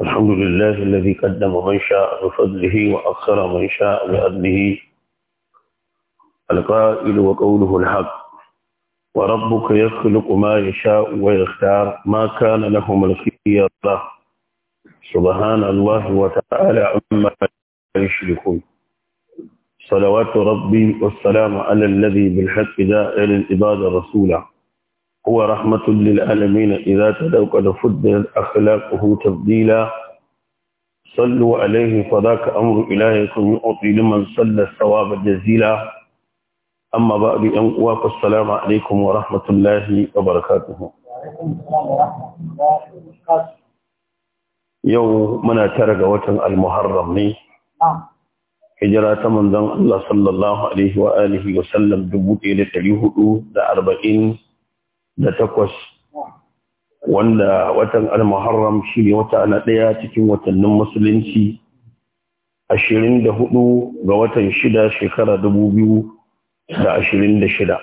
الحمد لله الذي قدم من شاء بفضله وأخر من شاء بأدله القائل وقوله الحق وربك يخلق ما يشاء ويختار ما كان لهم الخيار سبحان الله وتعالى عما يشركون صلوات ربي والسلام على الذي بالحق دائر العباد رسولا هو رحمة للعالمين إذا تدوقد فدلت أخلاقه تبديلا صلوا عليه فذاك أمر إلهكم يعطي لمن صلى الثواب جزيلا أما بعد أن السلام عليكم ورحمة الله وبركاته يوم منا ترق وطن المحرم لي hijira ta manzon Allah sallallahu alaihi wa alihi wa sallam 1440 da takwas wanda watan al-muharram shi ne wata ana ɗaya cikin watannin musulunci ashirin da hudu ga watan shida shekara dubu biyu da ashirin da shida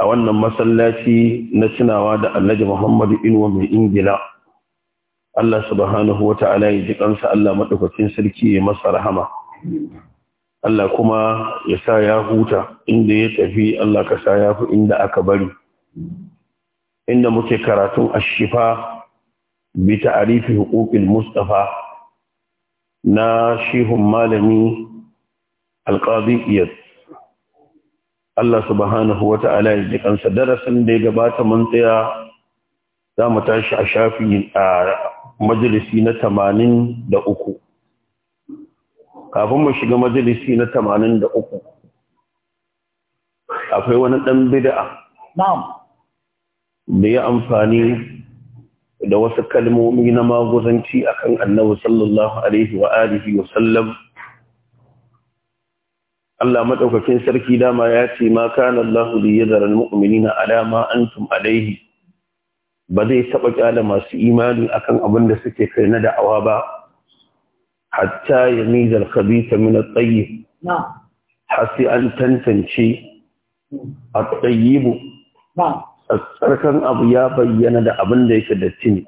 a wannan masallaci na tunawa da alhaji muhammadu inuwa mai ingila Allah subhanahu wa ta'ala ya ji kansa Allah maɗaukacin sarki ya masa rahama. Allah kuma ya sa ya huta inda ya tafi Allah ka sa ya fi inda aka bari. inda muke karatun ashifa bi ta'arifi huquqil mustafa na shehun malami alqadi iyad Allah subhanahu wa ta'ala ya ji kansa darasin da ya gabata mun tsaya za mu tashi a shafi a majalisi na uku. kafin mu shiga majalisi na tamanin uku, akwai wani ɗan bid'a da ya amfani da wasu kalmomi na maguzanci kan annabi sallallahu alaihi wa wa sallam Allah maɗaukakin sarki dama ya ce ma kana Allahu zara mu’amini na alama ma tum alaihi ba zai taɓa kyala masu imani akan abin da suke kai na da'awa ba hatta ya nizar khabitha min at-tayyib har an tantance hmm. a tayyib tsarkan abu ya bayyana da abin da yake da cini.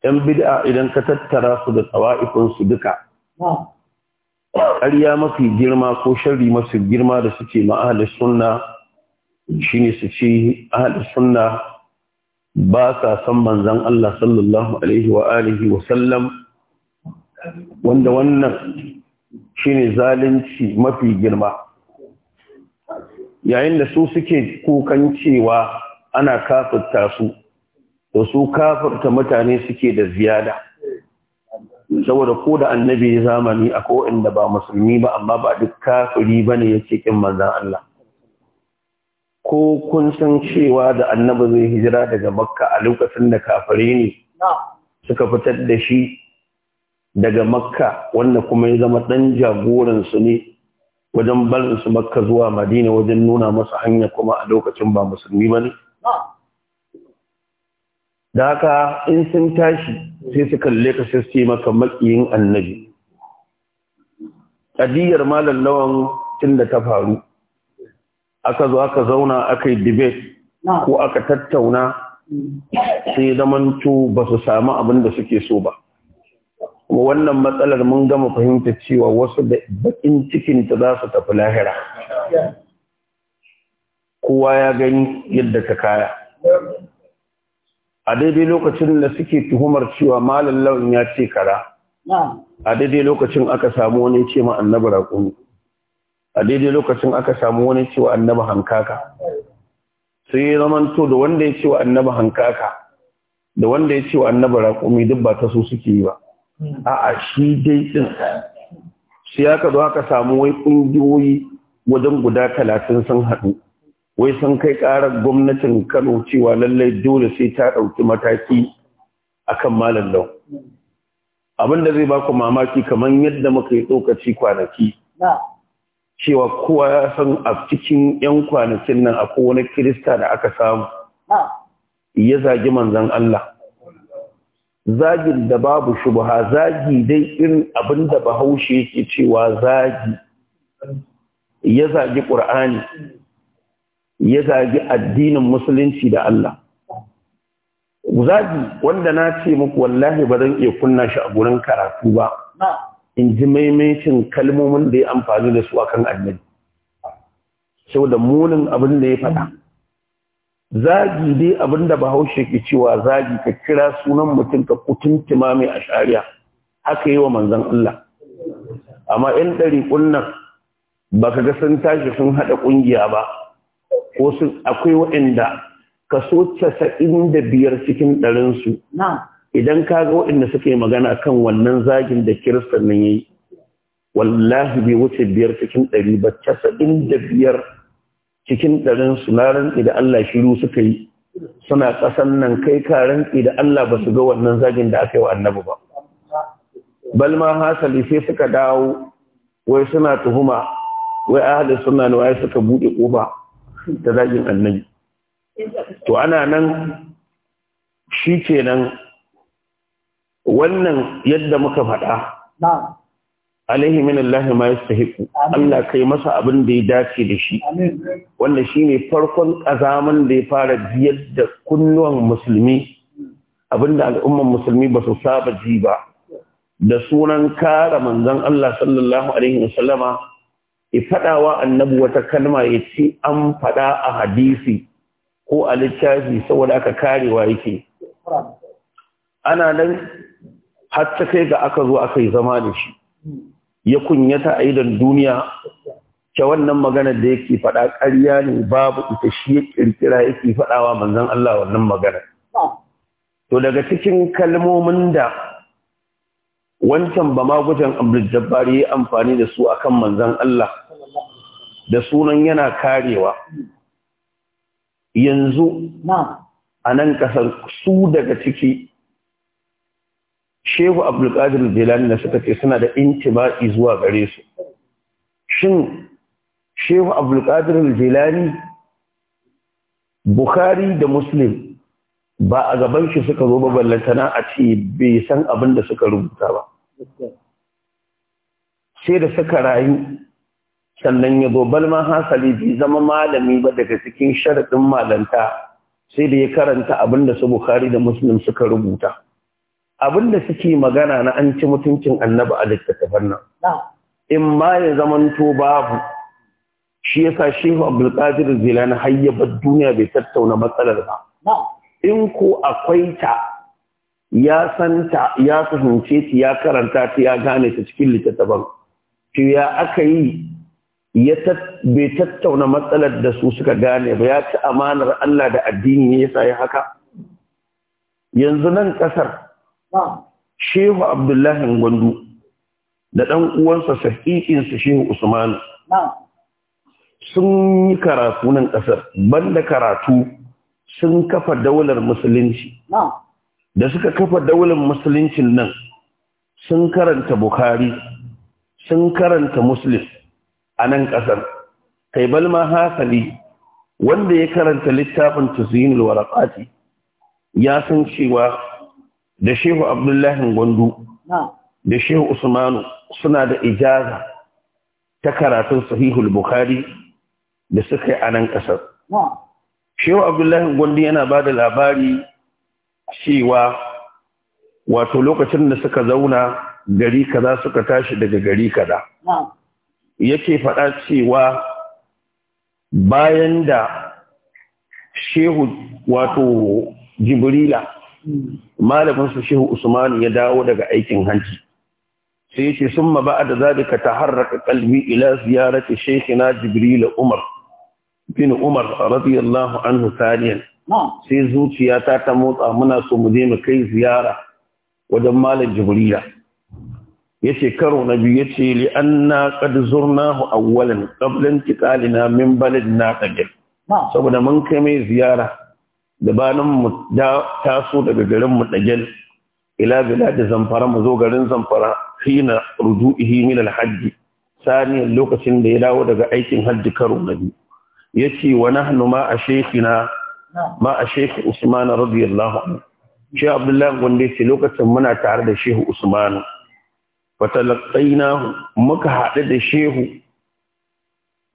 ‘Yan bid'a idan ka tattara su da tsawa'ifinsu duka, ƙarya mafi girma ko shari masu girma da suke ma'ahalar suna, shi ne su ce ahalar suna ba sa san manzan Allah sallallahu Alaihi wa alihi wa sallam wanda wannan shi ne zalunci mafi girma. yayin da su suke kukan cewa ana kafirta su da su kafirta mutane suke da ziyada saboda ko da annabi zamani a ko'in da ba musulmi ba amma ba duk kafiri ba ne yake kin manzan Allah ko kun san cewa da annabi zai hijira daga makka a lokacin da kafiri ne suka fitar da shi daga makka wanda kuma ya zama ɗan jagoransu ne wajen barin su makka zuwa madina wajen nuna masa hanya kuma a lokacin ba musulmi ba ne da haka in sun tashi sai su kalle ka sai su maka makiyin annabi ƙadiyar malam lawan tun da ta faru aka zo aka zauna aka yi debate ko aka tattauna sai zamanto ba su samu abin da suke so ba kuma wannan matsalar mun gama fahimta cewa wasu da bakin cikin ta za su tafi lahira kowa ya gani yadda ta kaya a daidai lokacin da suke tuhumar cewa malam launin ya ce kara a daidai lokacin aka samu wani ce ma annaba raƙumi a daidai lokacin aka samu wani cewa Annaba hankaka sai ya to da wanda ya cewa Annaba hankaka da wanda ya cewa Annaba raƙumi duk ba ta so suke yi ba Hmm. a'a shi dai din shi aka zo aka samu wai kungiyoyi wajen guda talatin sun haɗu wai sun kai ƙarar gwamnatin Kano cewa lallai dole sai ta ɗauki mataki akan malam lau abin da zai ba ku mamaki kamar yadda muka yi tsokaci kwanaki cewa kowa ya san a cikin 'yan kwanakin nan akwai wani kirista da aka samu ya zagi manzan Allah zagin da babu shubha zagi dai irin abin da bahaushe yake cewa zagi ya zagi ƙur'ani ya zagi addinin musulunci da Allah zagi wanda na ce muku wallahi ba zan iya kunna shi a gurin karatu ba in ji maimacin kalmomin da ya amfani da su akan annabi saboda munin abin da ya faɗa zagi dai abinda bahaushe ke cewa zagi ka kira sunan mutum ka kutuntima mai a shari'a haka yi wa manzan Allah amma yan ɗari ƙunnan ba ka ga sun tashi sun haɗa ƙungiya ba ko sun akwai waɗanda kaso casa'in da biyar cikin ɗarinsu idan ka ga waɗanda suka yi magana kan wannan zagin da kirista nan ya yi wallahi bai wuce biyar cikin ɗari ba casa'in da biyar cikin ɗarin su na rantsi da Allah shiru suka yi suna ƙasan nan kai ka rantsi da Allah ba su ga wannan zagin da aka yi wa annabi ba balma hasali sai suka dawo wai suna tuhuma wai ahli suna ne wai suka buɗe ƙofa ta zagin annabi to ana nan shi nan, wannan yadda muka faɗa alaihi min Allah ma yastahiqu Allah kai masa abin da ya dace da shi wanda shine farkon kazaman da ya fara biyar da kunnuwan musulmi abinda al'umman musulmi ba su saba ji ba da sunan kare manzon Allah sallallahu alaihi wasallama ya wa annabi wata kalma ya ce an fada a hadisi ko a littafi saboda aka karewa yake ana nan har ta kai ga aka zo aka yi zama da shi hmm. ya kunyata a idan duniya ke wannan magana da yake faɗa ƙarya ne babu ita shi ya ƙirƙira yake faɗawa manzan Allah wannan magana. To daga cikin kalmomin da wancan ba magujan Abdul Jabbari ya amfani da su akan manzan Allah da sunan yana karewa. Yanzu a nan ƙasar su daga ciki shehu abdulkadir jilani na suka ce suna da intima'i zuwa gare su shin shehu abdulkadir jilani bukhari da muslim ba a gaban shi suka zo ballantana a ce bai san abin da suka rubuta ba sai da suka rayu sannan ya zo ma hasali bai zama malami ba daga cikin sharaɗin malanta sai da ya karanta abin da su bukhari da muslim suka rubuta Abin da suke magana na an ci mutuncin annabi a littattafan nan in ma ya zamanto babu shi yasa shehu abdulkadir zilani har ya bar duniya bai tattauna matsalar ba in ko akwai ta ya san ta, ya fahimce ta ya karanta ta ya gane ta cikin littattafan to ya aka yi ya bai tattauna matsalar da su suka gane ba ya ci amanar Allah da addini ne yasa ya haka yanzu nan kasar shehu abdullahi gwandu da ɗan uwansa sahihinsa shehu usmanu sun yi karatu nan ƙasar banda karatu sun kafa daular musulunci da suka kafa daular musuluncin nan sun karanta Bukhari sun karanta muslim a nan ƙasar kai balma hasali wanda ya karanta littafin tasirin waraqati ya san cewa da shehu abdullahi gwandu da shehu usmanu suna da ijaza ta karatun sahihul bukhari da suka yi a nan ƙasar shehu abdullahi gwandu yana ba da labari cewa wato lokacin da suka zauna gari kaza suka tashi daga gari kaza yake faɗa cewa bayan da shehu wato jibrila malamin su shehu usman ya dawo daga aikin hanci sai yace summa ba'da zalika taharraka qalbi ila ziyarati shaykhina jibril umar bin umar radiyallahu anhu thaniyan sai zuciyata ta motsa muna so mu je mu kai ziyara wajen malam jibrila ce karo na biyu ya yace li anna qad zurnahu awwalan qabla intiqalina min baladina qadir saboda mun kai mai ziyara gabanin mu taso daga garin mu dagel ila da zamfara mu zo garin zamfara hina rujuihi min al-hajj sani lokacin da ya dawo daga aikin hajji karo na biyu yace wa nahnu ma a shekina ma a shekhi Usman radiyallahu anhu shi Abdullahi gonde ce lokacin muna tare da Shehu Usman wa talaqaina muka haɗu da Shehu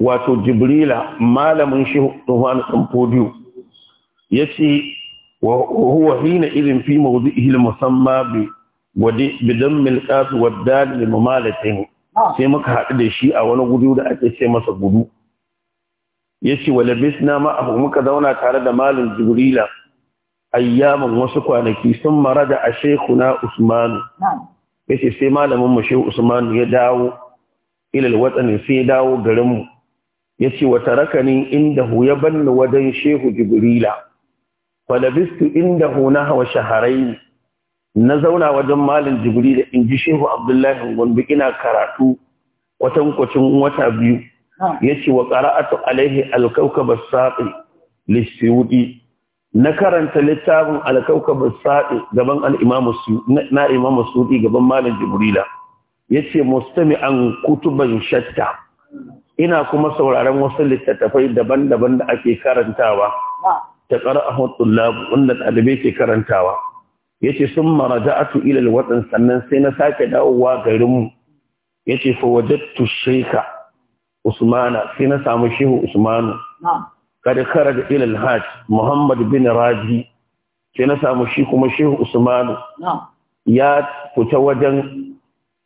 wato Jibrila malamin Shehu dan Sanfodiyo yace wa huwa hina idin fi mawdihi al-musamma bi wadi bidan milqat wa dal li mamalatin ah. sai muka haɗu da shi a wani gudu da ake ce masa gudu yace wa labisna ma abu muka zauna tare da malin jibrila ayyaman wasu kwanaki sun mara da a shekuna usmanu yace sai malamin mu shehu usmanu ya dawo ilal watsani sai ya dawo garin mu yace wa tarakani inda hu ya wadan wajen shehu jibrila falabistu inda huna hawa shaharai na zauna wajen malin Jibril, da in ji shehu abdullahi gombe ina karatu kwatankwacin wata biyu ya ce wa ƙara'atu alaihi alkaukabar saƙi lissiyudi na karanta littafin alkaukabar saƙi gaban na imamu suɗi gaban malin jibrila ya ce mustami an kutuban shatta ina kuma sauraron wasu littattafai daban-daban da ake karantawa ta qara'ahu at-tullab wanda ɗalibai ke karantawa yace sun mara za'atu al-watan sannan sai na sake dawowa garinmu. Ya ce fa wajadtu usmana sai na samu shehu usmanu kada kharaja ila ilil hajj muhammad bin raji sai na samu shi kuma shehu usmanu ya fita wajen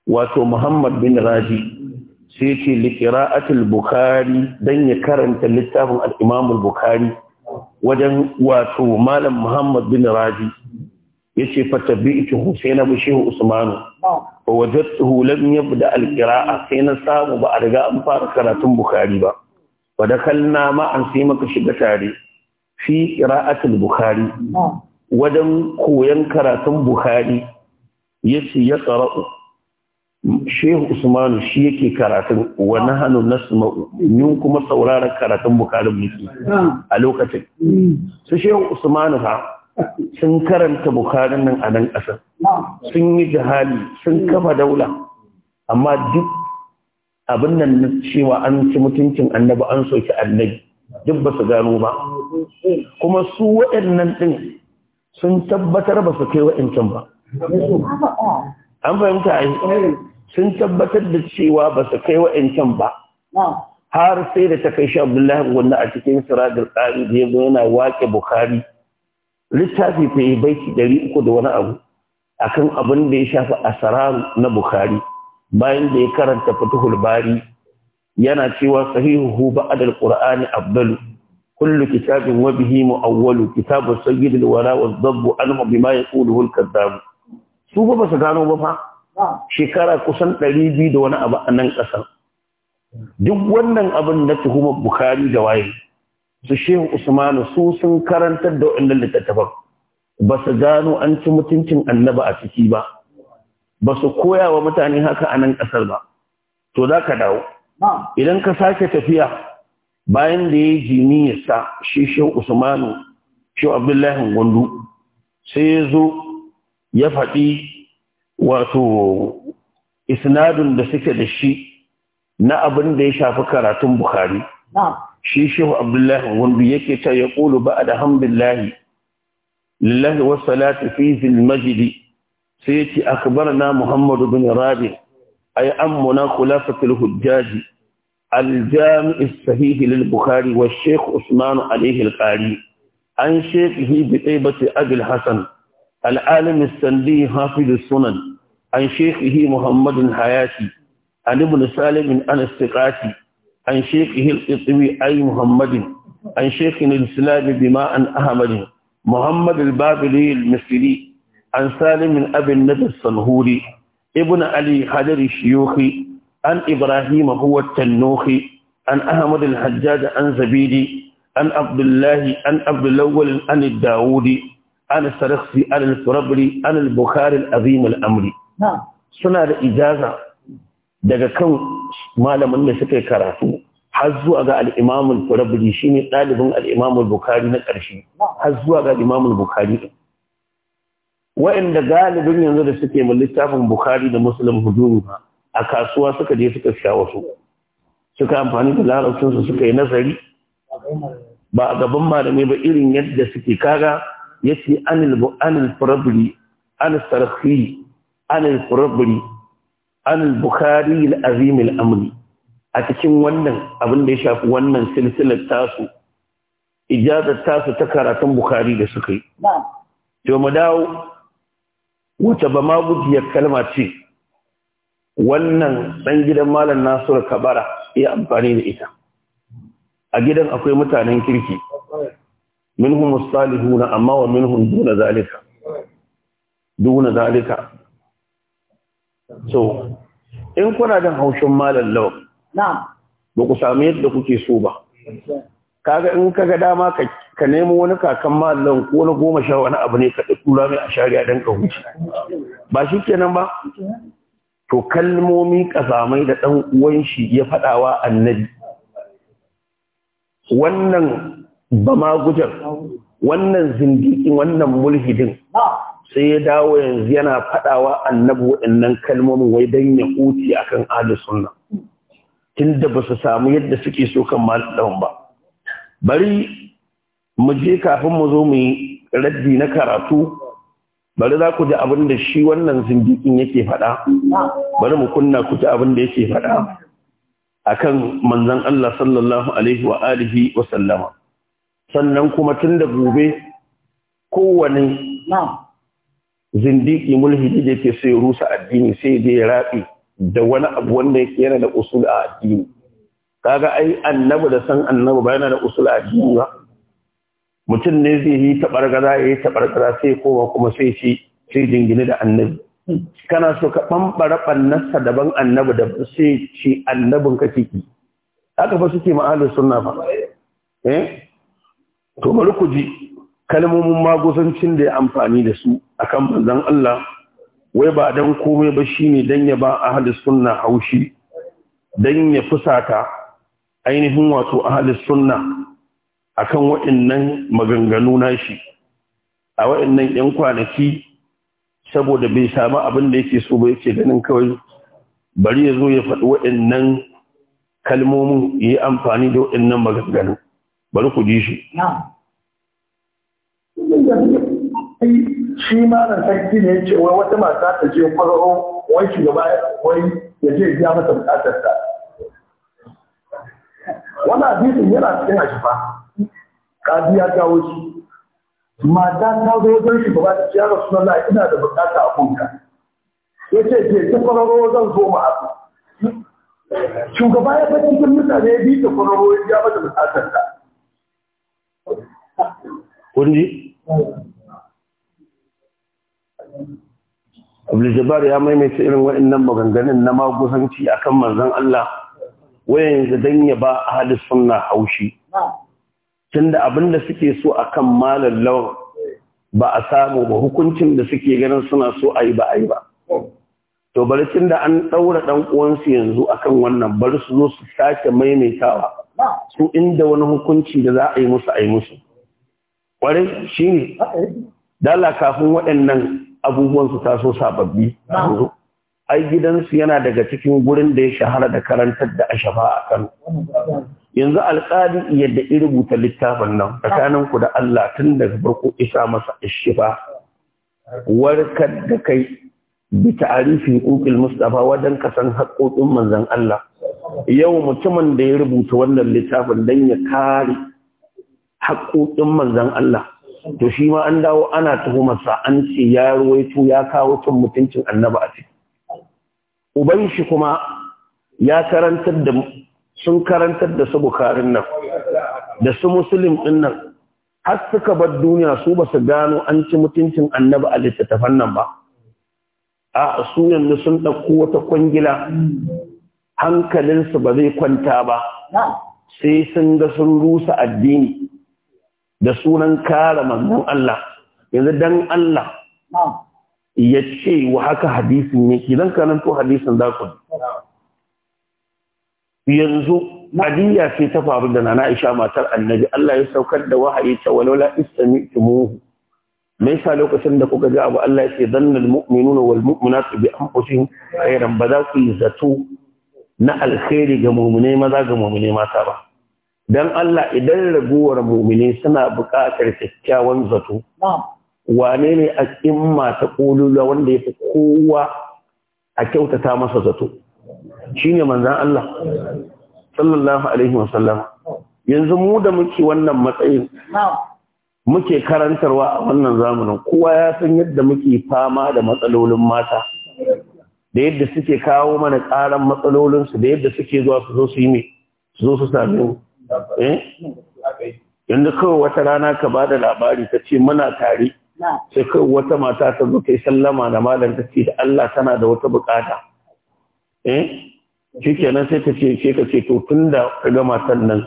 wato muhammad bin raji sai ce likira'atul bukari don ya karanta littafin al'imamul bukari wajen wato malam muhammad bin raji ya ce fata bi ita sai na usmanu ba tuhulan lam da alqira'a sai na samu ba a riga an fara karatun Buhari ba wa dakalna ma an sai maka shiga tare fi qira'atul bukhari wajen koyan karatun ya yace ya tsara'u shehu usmanu shi yake karatun wa nahanu nasma'u min kuma sauraron karatun bukarin muke a lokacin su shehu usmanu ha sun karanta bukarin nan a nan ƙasar sun yi jihali sun kafa daula amma duk abin nan na cewa an ci mutuncin annabi an soki annabi duk ba su gano ba kuma su waɗannan ɗin sun tabbatar ba su kai waɗancan ba an fahimta a yi sun tabbatar da cewa ba su kai wa'ancan ba har sai da ta kai shi abdullahi wanda a cikin siradar tsari da ya zo yana wake bukari littafi ta yi baiki ɗari uku da wani abu a kan abin da ya shafi asararu na bukari bayan da ya karanta fatuhul bari yana cewa sahihu adal-qur'ani abdalu kullu kitabin wa bihi muawwalu kitabu sayyid wara wa dhabb anhu bima yaquluhu alkadhab su ba su gano ba fa shekara kusan ɗari biyu da wani abu a nan ƙasar duk wannan abin na tuhumar bukari da waye su shehu usmanu su sun karantar da waɗannan littattafan ba su gano an ci mutuncin annaba a ciki ba ba su koya wa mutane haka a nan ƙasar ba to za ka dawo idan ka sake tafiya bayan da ya ji sa shi shehu usmanu shehu abdullahi gwandu sai ya zo ya faɗi wato isnadun da suke da shi na abin da ya shafi karatun Bukhari. Shi Shehu Abdullahi wanda yake ta ya ƙulu ba da hamdullahi lillahi wa salatu fi zil majidi, sai ya ce akbar na Muhammadu bin Rabi, ay ammuna khulafatul hujjaji, aljami'i sahihi lil Bukhari wa Sheikh Usman alaihi al-Qari, an shekhi bi ɗaibati Abil Hassan. العالم السندي حافظ السنن عن شيخه محمد حياتي عن ابن سالم عن الثقاتي عن شيخه القطبي أي محمد عن شيخ الإسلام بماء أحمد محمد البابلي المصري عن سالم أبي النبي الصنهوري ابن علي حجر الشيوخي عن إبراهيم هو التنوخي عن أحمد الحجاج عن زبيدي عن عبد الله عن عبد الأول عن الداودي an sarakhsi an turabri an bukhari al-azim al-amri suna da ijaza daga kan malamin da suka karatu har zuwa ga al-imam al-turabri shine dalibin al-imam al-bukhari na karshe har zuwa ga al-imam al-bukhari wa'anda galibin yanzu da suke mun littafin bukhari da muslim huduru a kasuwa suka je suka sha wasu suka amfani da larabcinsu suka yi nazari ba a gaban malamai ba irin yadda suke kaga yace anil anil furabri an sarhi anil furabri anil bukhari al azim al amri a cikin wannan abin da ya shafi wannan silsilar tasu ijazar tasu ta karatun bukhari da suka yi to mu dawo wace ba ma gudiyar kalma ce wannan dan gidan malam nasiru kabara ya amfani da ita a gidan akwai mutanen kirki منهم الصالحون salihuna amma wa ذلك دون zalika zalika so in kuna da haushin malam law na'am ba ku samu yadda kuke so ba kaga in kaga dama ka ka nemo wani kakan mallan ko na goma sha wani abu ne ka kula mai a shari'a dan ka huce ba shi kenan ba to kalmomi kasamai da dan uwan shi ya fadawa annabi wannan ba ma gujar wannan zindiƙin wannan mulhidin sai ya dawo yanzu yana faɗawa annabu waɗannan kalmomin wai don ya huce akan ahli sunna tunda ba su samu yadda suke so kan malamin ba bari mu je kafin mu zo mu yi raddi na karatu bari za ku ji abin da shi wannan zindiƙin yake faɗa bari mu kunna ku ji abin da yake faɗa akan manzon Allah sallallahu alaihi wa alihi wa sallama sannan kuma tun da gobe kowane zindiki mulhidi da ke sai rusa addini sai dai ya raɓe da wani abu wanda yana da usul a addini kaga ai annabi da san annabi ba yana da usul a addini ba mutum ne zai yi tabargaza ya yi gada sai koma kuma sai ce sai jingine da annabi kana so ka bambara ɓannarsa daban annabi da sai ce annabin ka ciki haka fa suke ma'alin sunna fa eh to bari ku ji kalmomin magusancin da ya amfani da su akan manzan Allah wai ba dan komai ba shine dan ya ba halis sunna haushi dan ya fusata ainihin wato a ahli sunna akan waɗannan maganganu nashi a waɗannan yan kwanaki saboda bai samu abin da yake so ba yake ganin kawai bari ya zo ya faɗi waɗannan kalmomin ya yi amfani da waɗannan maganganu bari ku ji shi shi ma na sarki ne ce wai wata mata ta je kwararo wai shugaba wai ya je biya masa bukatar ta wani hadisin yana cikin ashifa kaji ya kawo shi mata ta zo wajen shugaba ta ce ya rasu ina da bukata a kunka ya ce je ta kwararo zan zo ma abu shugaba ya fi cikin mutane ya bi ta kwararo ya biya masa bukatar ta kundi ji abdul ya maimaita irin waɗannan maganganun na magusanci akan manzon Allah wayan don ya ba a hadis suna haushi tunda abinda suke so akan malan lawan ba a samu ba hukuncin da suke ganin suna so a yi ba a yi ba to bari tunda an ɗaura ɗan uwansu yanzu akan wannan bari su zo su sake maimaitawa su inda wani hukunci da za a yi musu a yi musu ƙwarai shi ne dala kafin waɗannan abubuwan su taso sababbi yanzu ai gidansu yana daga cikin gurin da ya shahara da karantar da ashafa a kano yanzu alƙali yadda ya rubuta littafin nan tsakanin ku da Allah tun daga farko isa masa ashifa warkar da kai bi ta'arifin uqil mustafa wajen kasan haƙoƙin manzon Allah yau mutumin da ya rubuta wannan littafin dan ya kare haƙoƙin manzan Allah to shi ma an dawo ana tuhumarsa an ce ya ruwaito ya kawo cin mutuncin annaba a ciki uban shi kuma ya karantar da sun karantar da su bukarin nan da su musulun ɗin nan har suka bar duniya su ba su gano an ci mutuncin annaba a littattafan nan ba a su yanzu sun ɗauko wata kwangila hankalinsu ba zai kwanta ba sai sun ga sun rusa addini da sunan kare manzon Allah yanzu dan Allah ya ce wa haka hadisin yake zan karanto hadisin za ku yanzu hadiya ce ta faru da nana Aisha matar Annabi Allah ya saukar da wahayi ta walaula istami'tumuhu me yasa lokacin da kuka ga abu Allah ya ce dannal mu'minuna wal mu'minatu bi anfusihim khairan ba za ku yi zato na alkhairi ga mu'mine maza ga mu'mine mata ba dan Allah idan raguwar mumini suna buƙatar kyakkyawan zato wane ne a cikin ta ƙolula wanda ya fi kowa a kyautata masa zato shine manzan Allah sallallahu alaihi wasallam yanzu mu da muke wannan matsayin muke karantarwa a wannan zamanin kowa ya san yadda muke fama da matsalolin mata da yadda suke kawo mana ƙaran matsalolinsu da yadda suke zuwa su zo su yi mai su zo su sami eh yanzu kawai wata rana ka ba da labari ta ce muna tare sai kawai wata mata ta zo kai sallama da malam ta ce da Allah tana da wata bukata eh shi kenan sai ta ce sai ka ce to tun da kaga matan nan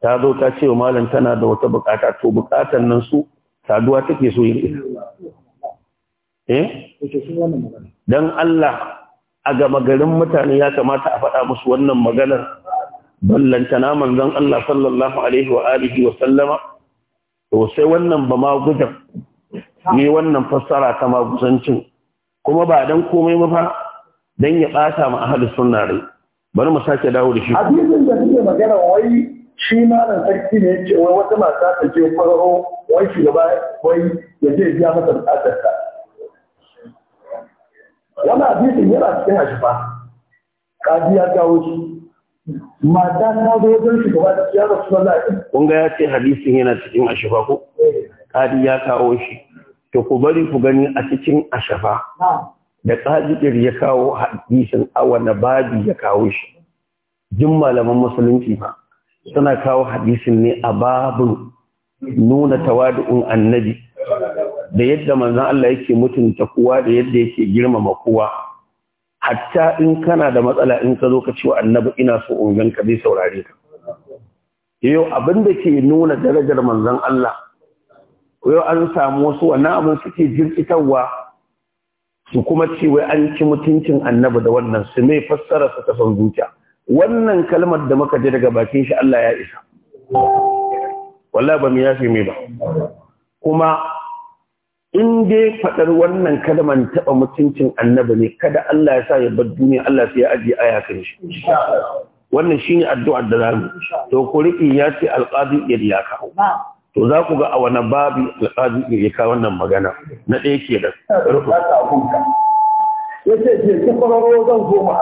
ta zo ta ce wa malam tana da wata bukata to bukatan nan su saduwa take so yin eh dan Allah a gama garin mutane ya kamata a faɗa musu wannan maganar ballantana manzon Allah sallallahu alaihi wa alihi wa sallama to sai wannan ba ma gudan ne wannan fassara ta magusancin kuma ba dan komai ba fa dan ya bata ma ahli sunna rai bari mu sake dawo da shi hadisin da kake magana wai shi malam sarki ne yace wai wata mata ta je farko wai gaba wai ya je biya mata bukatar ta wannan hadisin yana cikin hadisi kadi ya dawo shi mata ya kun ga ya ce hadisin yana cikin ashafa ko eh. kadi ya kawo shi to ku bari ku gani a cikin ashafa da kajikir ya kawo hadisin a na babi ya kawo shi jin malaman musulunci ba suna kawo hadisin ne a babin nuna tawadu'un annabi da yadda manzan Allah yake mutunta kowa da yadda yake girmama kowa hatta in kana da matsala in ka zo ka ce wa annabi ina so in ganka zai saurare ka yau abin da ke nuna darajar manzon Allah yau an samu wasu wannan abin suke jirkitarwa su kuma ce wai an ci mutuncin annabi da wannan su mai fassara su kasan zuciya wannan kalmar da muka ji daga bakin shi Allah ya isa wallahi ba mu yafi mai ba kuma in dai faɗar wannan kalman taɓa mutuncin annabi ne kada Allah ya sa ya bar duniya Allah sai ya aje aya kan shi wannan shine addu'ar da zamu to ku riki ya ce alqadi ya kawo to za ku ga a wani babi alqadi ya ka wannan magana na ɗaya ke da Ya ce ce ta fararo zan zo mu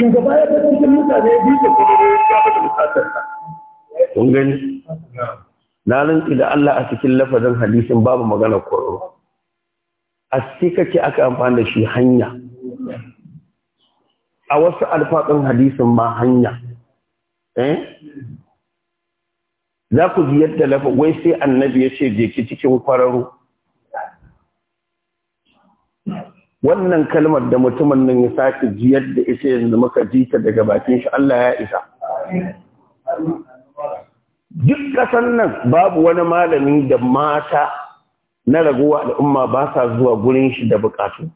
shugaba ya ga cikin mutane biyu da kuma ya ga da bukatar kun gani na rantsi da Allah a cikin lafazin hadisin babu magana A cikin kake aka amfani da shi hanya a wasu alfaɗin hadisin ma hanya eh? za ku ji yadda lafa wai sai annabi ya ce je ki cikin kwararo wannan kalmar da mutumin nan ya sake ji yadda ita yanzu muka ji ta daga bakin shi Allah ya isa duk kasan nan babu wani malami da mata na raguwa al'umma ba sa zuwa gurin shi da bukatu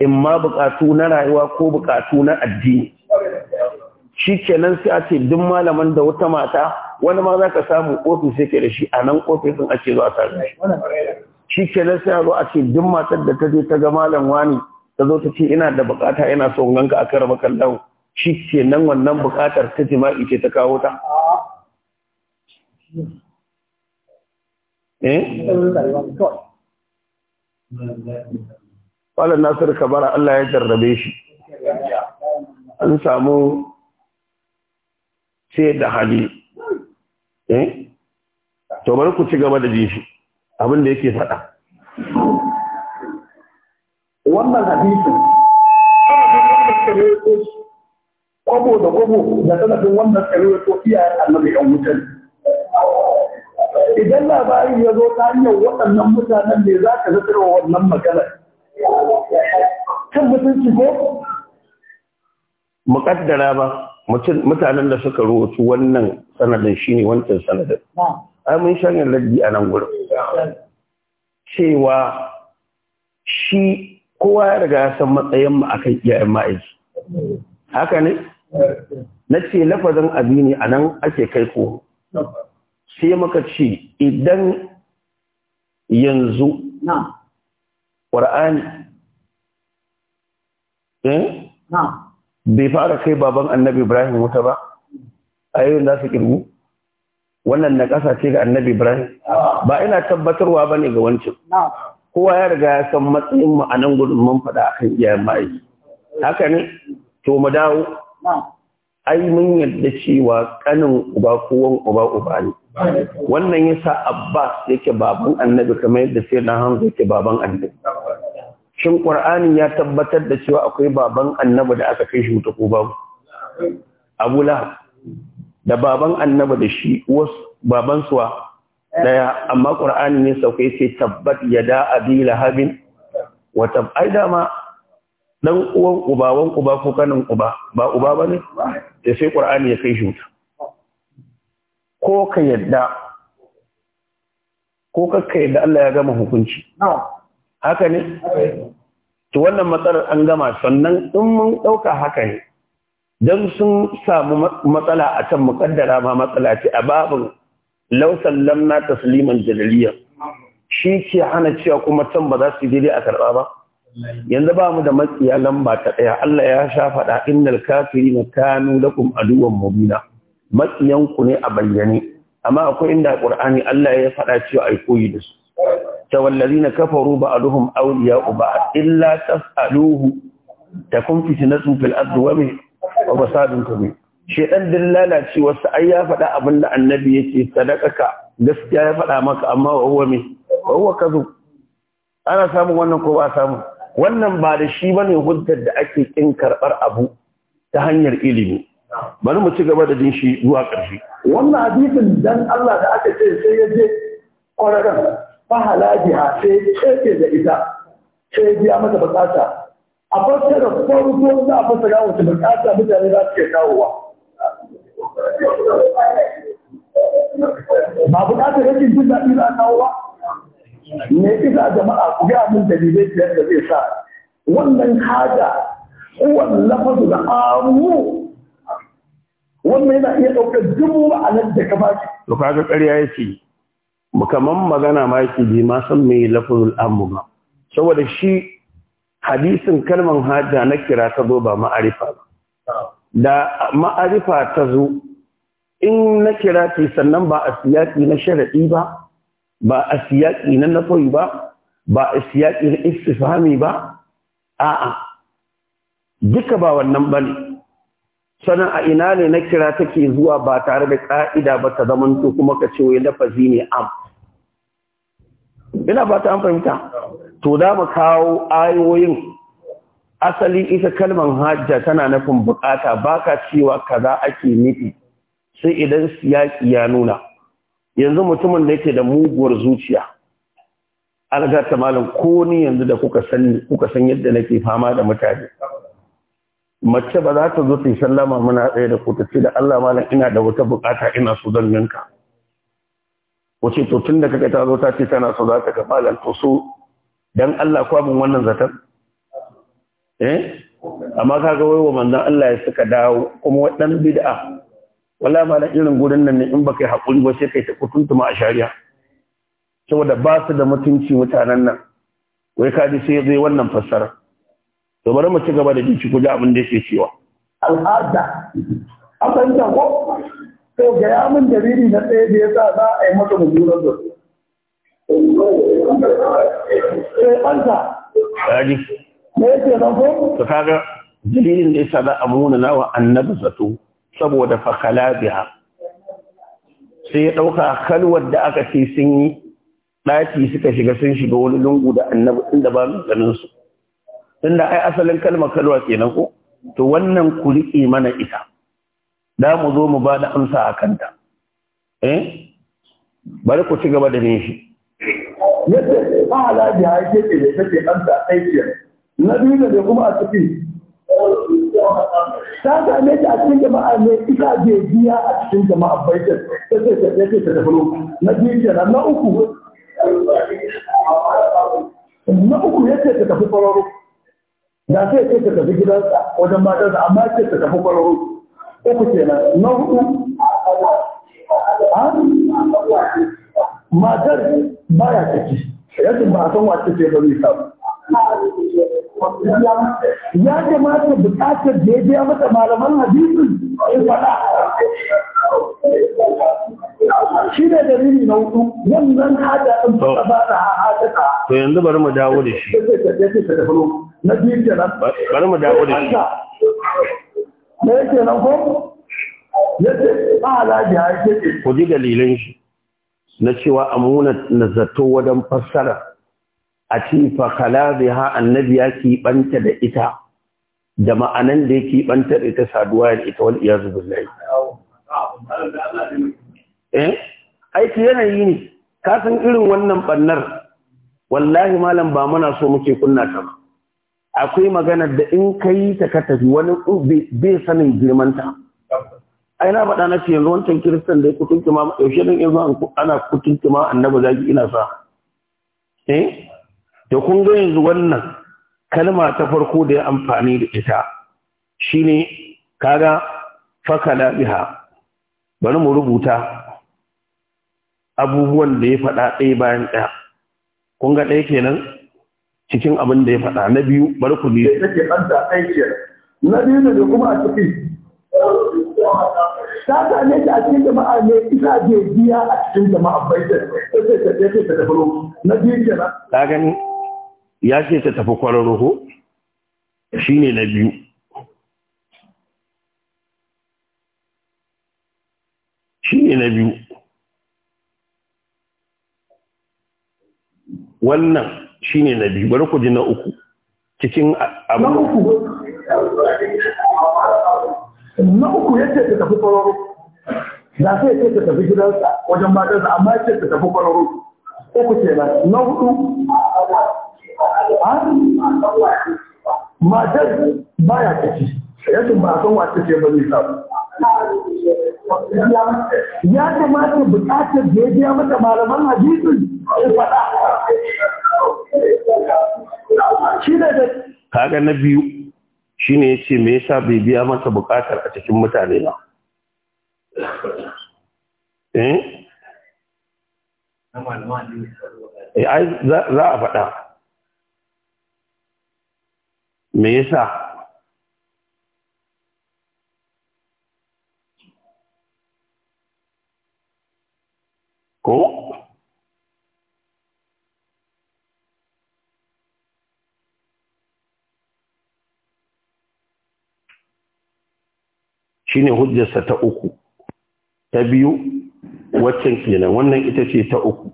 in ma buƙatu na rayuwa ko buƙatu na addini shi kenan sai a ce duk malaman da wata mata wani ma za ka samu ofis yake da shi a nan ofisin ake zuwa tare shi kenan sai a zo a ce duk matar da ta je ta ga malam wani ta zo ta ce ina da bukata ina son ganka a karama kallon shi kenan wannan buƙatar ta jima'i ce ta kawo ta eh Nasir Kabara Allah ya jarrabe shi an samu sai da hali eh to bari ku ci gaba da ji shi abin da yake faɗa wannan hadisin kwabo da kwabo da sanadin wannan tsaro ko iyayen annabi yan mutane. idan labarin ya zo ta hanyar waɗannan mutanen ne za ka wa wannan maganar kan mutunci ko muƙaddara ba mutanen da suka rubutu wannan sanadin shine wancan sanadin ai mun shanyar laddi a nan gurin cewa shi kowa ya riga ya san matsayin mu akan iyayen ma'aiki haka ne eh. na ce lafazin abi ne a nan ake kai ko sai maka ce idan yanzu ƙwar'ani eh? bai fara kai baban annabi ibrahim wuta ba a yi za su kirgu wannan na ƙasa ce ga annabi ibrahim ba ina tabbatarwa ba ne ga wancan kowa ya riga ya san matsayin mu a nan gudun mun faɗa a kan iyayen ma'aiki haka ne to mu dawo ai mun yadda cewa kanin uba kowan uba uba ne wannan yasa Abbas yake baban Annabi kamar yadda sai na hanzu yake baban Annabi shin Qur'ani ya tabbatar da cewa akwai baban Annabi da aka kai shi wuta ko babu Abu da baban Annabi da shi wasu baban suwa daya amma Qur'ani ne sauke sai tabbat yada abi lahabin wa tab ai dama dan uwan ubawan uba ko kanin uba ba uba bane sai Qur'ani ya kai shi wuta ko ka yadda ko ka yadda Allah ya gama hukunci haka ne to wannan matsalar an gama sannan in mun ɗauka haka ne Dan sun samu matsala a can mukaddara ma matsala ce a babin lausan lamna tasliman jaliliya shi ke hana cewa kuma can ba za su daidai a karɓa ba yanzu ba mu da matsiya lamba ta ɗaya Allah ya sha faɗa innal kafirina kanu lakum aduwwan mubina maƙiyanku ne a bayyane amma akwai inda ƙur'ani Allah ya faɗa cewa ai koyi da su ta wallazina kafaru ba'duhum awliya'u uba, illa Da tas'aluhu takun fitnatun fil ardi wa min wa fasadun kabir shedan din lalacewa sai ya faɗa abin da annabi yake sadakaka gaskiya ya faɗa maka amma wa huwa min wa huwa kadhub ana samun wannan ko ba samu wannan ba da shi bane hujjar da ake kin karɓar abu ta hanyar ilimi bari mu ci gaba da jin shi zuwa ƙarshe wannan hadisin dan Allah da aka ce sai ya je ƙwararren fahala jiha sai ya da ita sai ya biya mata bukata a fassara farko za a fassara wata bukata mutane za su iya kawowa ba bukatar rashin jin daɗi za a kawo me isa jama'a ku ga min dalilai biyar da zai sa wannan haja uwan lafazu da amu wannan yana iya ɗaukar dubu nan da ka baki. To kaga ƙarya ya ce, kamar magana ma yake bai ma san me lafazul amu ba. Saboda shi hadisin kalman hajja na kira ta zo ba ma'arifa ba. Da ma'arifa ta zo in na kira ce sannan ba a siyaƙi na sharaɗi ba, ba a siyaƙi na nafoyi ba, ba a siyaƙi na istifhami ba, a'a. Duka ba wannan ba ne. sannan a ina ne na kira take zuwa ba tare da ƙa'ida ba ta to kuma ka ce wai lafazi ne am ina ba ta an fahimta to da mu kawo ayoyin asali ita kalmar hajja tana nufin bukata baka cewa kaza ake nufi sai idan siyaki ya nuna yanzu mutumin da yake da muguwar zuciya ta malam ko ni yanzu da kuka san kuka san yadda nake fama da mutane mace ba za ta zo ta yi sallama muna tsaye da kuta ce da Allah malam ina da wata bukata ina so zan ninka wace to tun da kaga ta zo ta ce tana so za ta ga malam to so dan Allah ko wannan zatar eh amma kaga ga wa manzon Allah ya suka dawo kuma wadan bid'a wala malam irin gurin nan ne in ba kai hakuri ba sai kai ta a shari'a saboda ba su da mutunci mutanen nan wai ka ji sai zai wannan fassara to bari mu ci gaba da jinci ku ji abin da yake cewa al'ada a ta ko to ga ya min dalili na tsaye da ya sa za a yi masa mummunan da su eh, an ɓanta kaji me yake nan ko to kaga dalilin da ya sa za a muna wa annabi saboda fakala biya sai ya ɗauka kalwar da aka ce sun yi ɗaki suka shiga sun shiga wani lungu da annabi inda ba mu ganin su tunda ai asalin kalmar kalwa kenan ko to wannan ku riƙe mana ita da mu zo mu ba da amsa a kanta eh bari ku ci gaba da nishi yadda ba ala da ya ke da take amsa aiki na biyu da kuma a cikin ta same ta a cikin jama'a ne ita je biya a cikin jama'a baitin ta ce ta ce ta tafi na biyu kenan na uku na uku ya ce ta tafi fararo da sai ce ta tafi gidansa wajen matarsa amma ce ta tafi kwararo uku kenan na hudu matar baya ciki yadda ba a san wace ce ba zai samu ya kamata bukatar da ya biya mata malaman hadisin in faɗa shi ne dalili na yanzu bari mu dawo da shi na biyu bari mu dawo da shi ku ji shi na cewa amuna na zato wajen fassara a ci fa kala ha annabi ya ki banta da ita da ma'anan da ki banta da ita saduwa da ita wal iyazu billahi eh aiki yanayi ne ka san irin wannan bannar wallahi malam ba muna so muke kunna ta ba akwai magana da in ka yi ta ka tafi wani bai sanin girmanta ai na faɗa na ce yanzu wancan kiristan da ya kutunki yaushe don yanzu ana kutunki ma annabi zaki ina sa eh da kun ga yanzu wannan kalma ta farko da ya amfani da ita shine kaga fakala biha bari mu rubuta abubuwan da ya faɗa ɗaya bayan ɗaya kun ga ɗaya kenan cikin abin da ya faɗa na biyu bari ku biyu take ɗanta aiki na biyu ne kuma a ciki ta same ta a cikin jama'a ne isa je biya a cikin jama'a bai da sai ta ce ta tafi na biyu kenan ta gani ya ce ta tafi kwararruhu shine na biyu shine na biyu wannan shine na biyu bari ku ji na uku cikin abu na uku na uku ce ta tafi kwararo da sai ce ta tafi gidansa wajen matarsa amma ce ta tafi kwararo uku ce na hudu ah, matar baya kaci yakin ba a san wata ce ba zai samu ya kamata bukatar da ya biya mata malaman hadisin ya faɗa kaga na biyu shine yace me yasa bai biya masa bukatar a cikin mutane ba eh, eh za a faɗa me yasa ko shine hujjarsa ta uku ta biyu waccan kenan wannan ita ce ta uku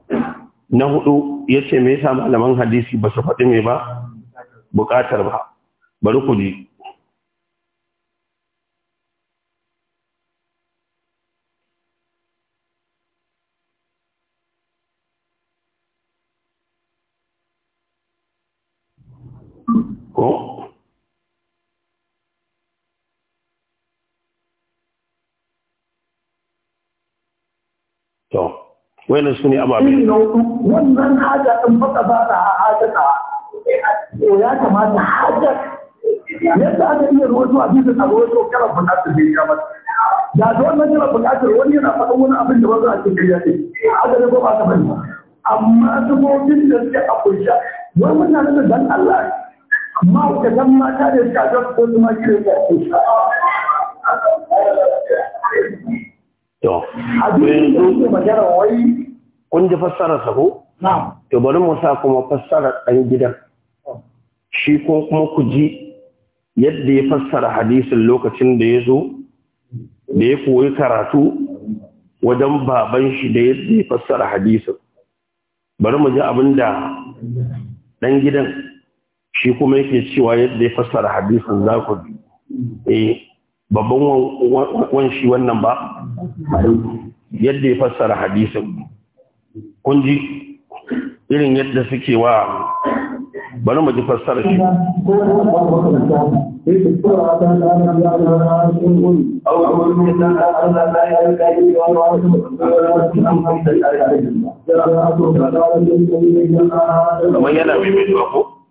na hudu yace me yasa malaman hadisi ba su faɗi me ba bukatar ba bari ku ji to wayannan su ne ababen wannan haja ɗin baka ba ta haja ta ya kamata haja yadda aka iya rawaito a bisa tsaro wasu kana buƙatar da ya mata da da wannan yana buƙatar wani yana faɗin wani abin da ba za a cikin ya ce haka ne ba ta bani amma dubobin da suke a kunsha wai mutanen da dan Allah amma ka san mata da suka ga ko kuma kire ka kunsha to kun ji fassara sa ko to bari mu sa kuma fassarar ɗan gidan oh. shi ko kuma ku ji yadda ya fassara hadisin lokacin da ya zo da ya koyi karatu wajen baban shi da yadda ya fassara hadisin bari mu ji abin da ɗan gidan shi kuma yake cewa yadda ya fassara hadisin za ku eh babban wanshi wannan ba yadda ya fassara hadisin kun ji irin yadda suke wa bari mu ji fassara shi kamar yana mai mai ko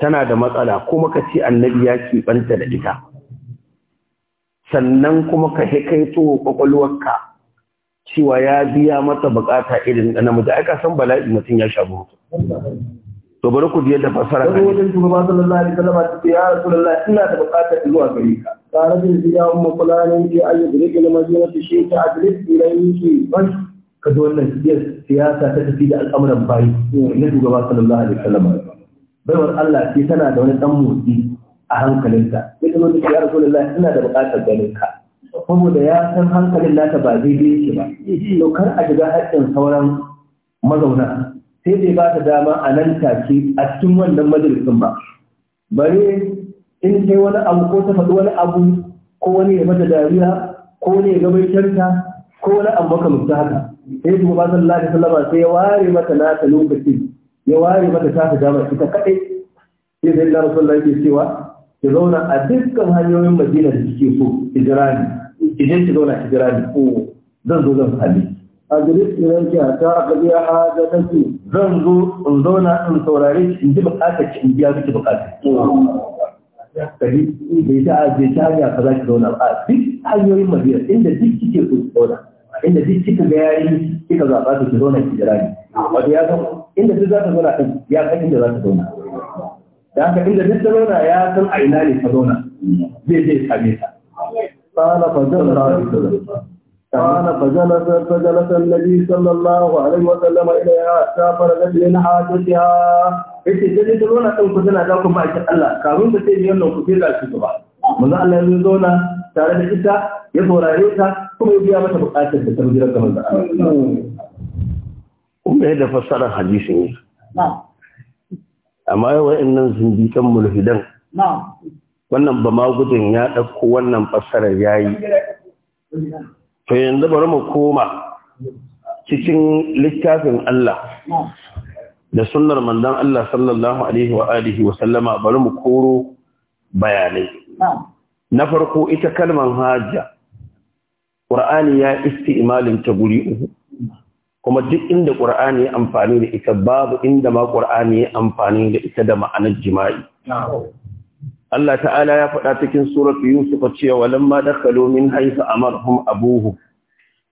tana da matsala kuma ka ce annabi ya keɓanta da ita sannan kuma ka hekaito kwakwalwarka cewa ya biya mata bukata irin da namiji aika san bala'i mutum ya shabu to bari ku je da fasara ka wajen shugaba sallallahu alaihi wasallam ta ya rasulullahi ina da bukata zuwa gare ka tare da biya mu kulani ki ayi dirki na majina ta shi ta adres ilayhi ki ban ka zo wannan siyasa ta tafi da al'amuran bayi ne shugaba sallallahu alaihi wasallam baiwar Allah sai tana da wani dan motsi a hankalinta sai kuma take ya rasulullahi ina da buƙatar ganin ka saboda ya san hankalin nata ba zai daidai shi ba to kar a shiga haƙƙin sauran mazauna sai dai ba ta dama a nan take a cikin wannan majalisin ba bare in sai wani abu ko ta faɗi wani abu ko wani ya mata dariya ko wani ya gabaitarta ko wani abu makamta haka sai kuma ba sallallahu alaihi wasallam sai ya ware mata nata lokacin ya ware mata ta dama ita kaɗai sai sai na rasulullah yake cewa ki zauna a dukkan hanyoyin madina da suke so hijirani idan ki zauna hijirani ko oh, zan zo zan sami adris idan ki ta qadiya hajataki zan zo in zauna in saurare ki in ji bukatar ki in biya miki bukatar kadi bai ta aje ta hanya ka za ki zauna a duk hanyoyin madina inda duk kike so ki zauna inda duk kika ga yayi kika zaba ki zauna ki jira wato ya zama inda duk za ta zauna ɗin ya san inda za ta zauna da haka inda duk ta zauna ya san a ina ne ta zauna zai je same ta قال فجلس قال فجلس فجلس النبي صلى الله عليه وسلم اليها سافرت من حاجتها yace sai dai dole na ku tana da kuma aikin Allah kafin ta ce yau ku fira shi gaba manzo Allah ya zo na tare da ita ya saurare ta kuma ya biya mata bukatar da ta jira ga manzo Allah kuma yadda fassarar hadisin yi amma in nan zindikan mulhidan wannan ba ma gudun ya ɗauko wannan fassarar ya yi to yanzu bari mu koma cikin littafin Allah da sunnar mandan Allah sallallahu alaihi wa wa sallama bari mu koro bayanai na farko ita kalmar hajja Qur'ani ya isti'malin ta guri uku kuma duk inda ƙur'ani ya amfani da ita babu inda ma ƙur'ani ya amfani da ita da ma'anar jima'i Allah ta'ala ya faɗa cikin surat Yusuf cewa lamma dakhalu min haythu amarhum abuhu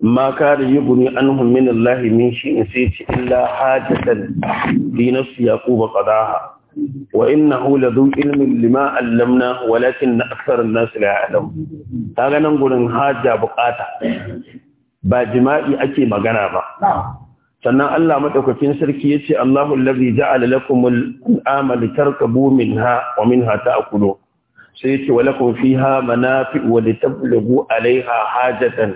ma kada yughni anhum min Allah min in sai ce illa hajatan fi ya yaquba qadaha wa innahu ladu ilmin lima allamna walakin akthara an-nas la ya'lam Ta ganin gurin haja bukata ba jima'i ake magana ba sannan Allah madaukakin sarki yace Allahu allazi ja'ala lakumul an'ama litarkabu minha wa minha ta'kulu sai yace wa lakum fiha manafi'u wa litablughu alaiha hajatan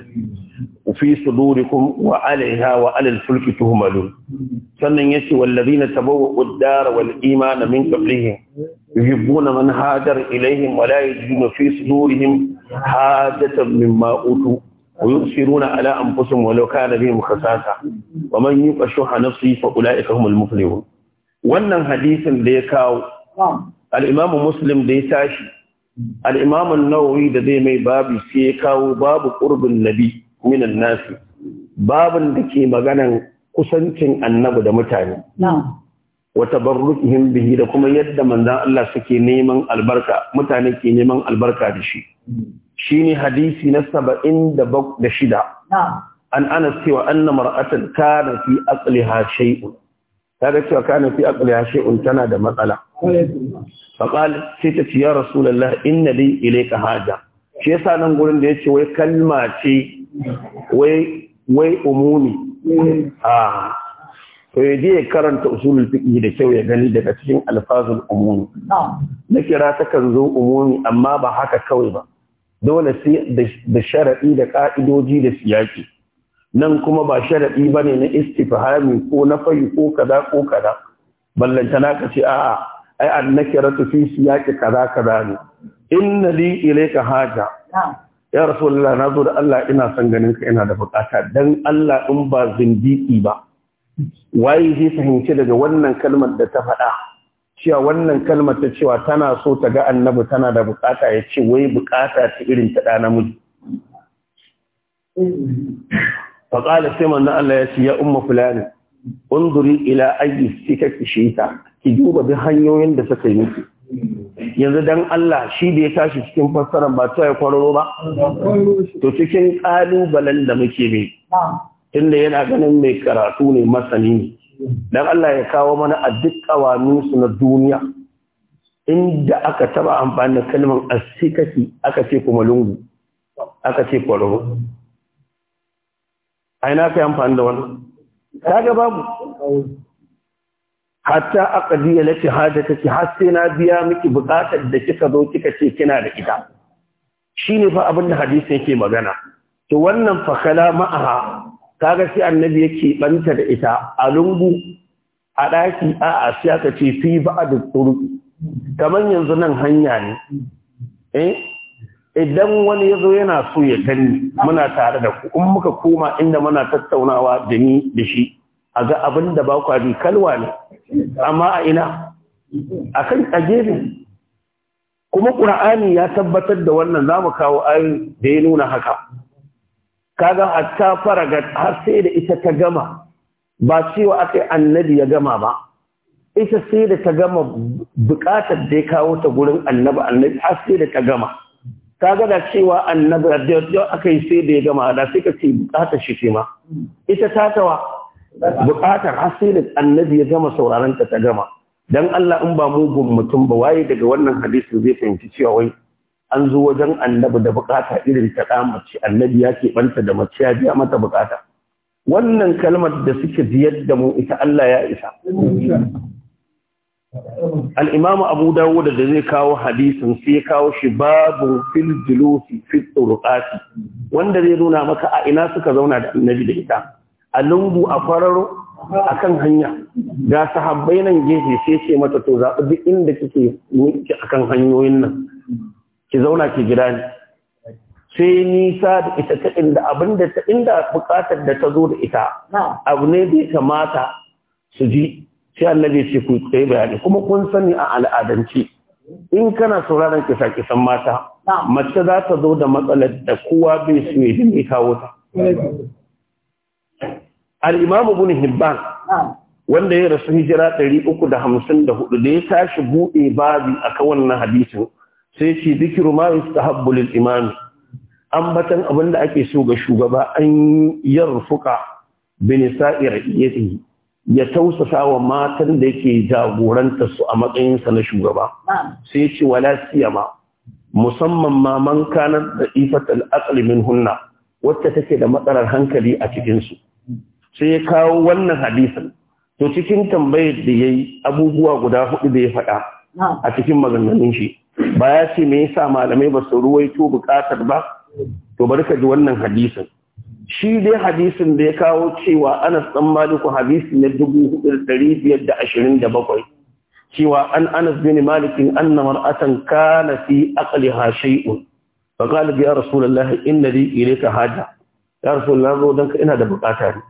fi sudurikum wa 'alayha wa 'alal fulki tuhmalun sannan yace na taɓa ad-dara wal imana min qablihim yuhibbuna man hajar ilayhim wa la yajiduna fi sudurihim hajatan mimma utu ويؤثرون على أنفسهم ولو كان بهم خساسة ومن يوق شح نفسه هم المفلحون wannan hadisin da ya kawo al'imamu muslim da ya tashi al'imamun nawawi da zai mai babu sai ya kawo babu ƙurbin nabi minan nasi babin da ke maganan kusancin annabi da mutane wata barrukihim bihi da kuma yadda manzan Allah suke neman albarka mutane ke neman albarka da shi shine hadisi na 76 an anas cewa anna mar'atan kana fi aqliha shay'un kaga cewa kana fi aqliha shay'un tana da matsala fa qala sai ta ya rasulullah inna li ilayka haja shi yasa nan gurin da yace wai kalma ce wai wai umumi ah to yaje ya karanta usulul fiqh da kyau ya gani daga cikin alfazul umumi na kira ta kan zo umumi amma ba haka kawai ba dole sai da sharaɗi da ka'idoji da siyaki. nan kuma ba sharaɗi ba ne na istifhami ko na fayi ko kaza ko kaza ballanta na ka ce a'a ai annakiratu fi siyaqi kaza kaza ne inna li ilayka haja ya rasulullah na zo da Allah ina son ganin ka ina da bukata dan Allah in ba zindiki ba waye zai fahimci daga wannan kalmar da ta faɗa cewa wannan kalmar ta cewa tana so ta ga annabi tana da bukata ya ce wai bukata ta irin ta ɗa namiji faƙala sai manzon Allah ya ce ya umma fulani unduri ila ayyi sikaki ta. ki duba bi hanyoyin da suka yi miki yanzu dan Allah shi da ya tashi cikin fassarar ba ta ya kwararo ba to cikin ƙalubalen da muke bi. tunda yana ganin mai karatu ne masani ne dan Allah ya kawo mana a duk kawamin su na duniya inda aka taba amfani da kalmar asikati aka ce kuma lungu aka ce kwararo ai na fi amfani da wannan kaga babu hatta aqdiya lati hadataki har sai na biya miki bukatar da kika zo kika ce kina da ita shine fa abin da hadisi yake magana to wannan fakala ma'aha kaga sai annabi yake banta da ita a lungu a ɗaki a a sai aka ce fi ba'd turu kamar yanzu nan hanya ne eh idan wani yazo yana so ya gani muna tare da ku in muka koma inda muna tattaunawa da ni da shi a ga abin da ba kwa kalwa ne amma a ina akan gefe. kuma qur'ani ya tabbatar da wannan zamu kawo ayoyi da ya nuna haka ta fara ga har sai da ita ta gama ba cewa kai annabi ya gama ba ita sai da ta gama bukatar da ya kawo ta gurin annabi annabi har sai da ta gama kaga da cewa annabi da aka yi sai da ya gama da sai ka ce bukatar shi ce ma ita ta tawa bukatar har sai da annabi ya gama sauraron ta ta gama dan Allah in ba mugun mutum ba waye daga wannan hadisu zai fahimci cewa wai an zo wajen annabi da bukata irin ta ɗa mace annabi yake banta da mace ya biya mata bukata wannan kalmar da suke ziyar da mu ita Allah ya isa al'imamu abu dawud da zai kawo hadisin sai kawo shi babu fil julusi fi turqati wanda zai nuna maka a ina suka zauna da annabi da ita a lungu a fararo a kan hanya ga sahabbai nan gefe sai ce mata to zaɓi duk inda kike a akan hanyoyin nan ki zauna ki gida ni? sai nisa da ita ta inda abinda ta inda bukatar da ta zo da ita abu ne da kamata su ji sai annabi ce ku tsaye bayani kuma kun sani a al'adance in kana sauraron kisa kisan mata mace za ta zo da matsalar da kowa bai su ya ji kawo ta al ibn hibban wanda ya rasu hijira 354 da ya tashi bude babi akan wannan hadisin sai shi zikiru ma yustahabbu lil imami ambatan abin da ake so ga shugaba an yarfuka bin sa'ir yati ya tausasa wa matan da yake jagoranta su a matsayinsa na shugaba sai ce wala siyama musamman ma man kana da ifatal aqli min hunna wacce take da matsalar hankali a cikin su sai ya kawo wannan hadisin to cikin tambayar da yayi abubuwa guda hudu da ya faɗa a cikin maganganun shi ba ya ce me yasa malamai ba su ruwaito bukatar ba to bari ka ji wannan hadisin shi dai hadisin da ya kawo cewa Anas dan Malik hadisi na bakwai. cewa an Anas bin Malik na mar'atan kana fi ha shay'un fa qala ya rasulullah inna li ilayka haja ya rasulullah zo dan ina da bukata ne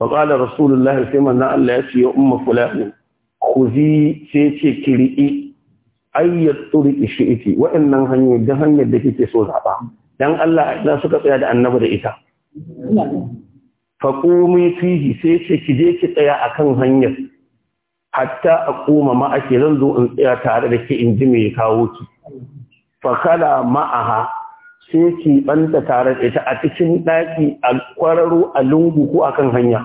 fa qala rasulullah sai manna Allah ya ce ya umma fulani khuzi sai ce kiri'i ayyat turiki shi'iti waɗannan hanyoyi da hanyar da kike so zaɓa dan Allah na suka tsaya da annabi da ita faƙomi fihi sai ce ki je ki tsaya akan hanyar hatta a koma ma ake zan zo in tsaya tare da ke in ji mai kawo ki fakala ma'aha sai ki banta tare da ita a cikin ɗaki a kwararo a lungu ko akan hanya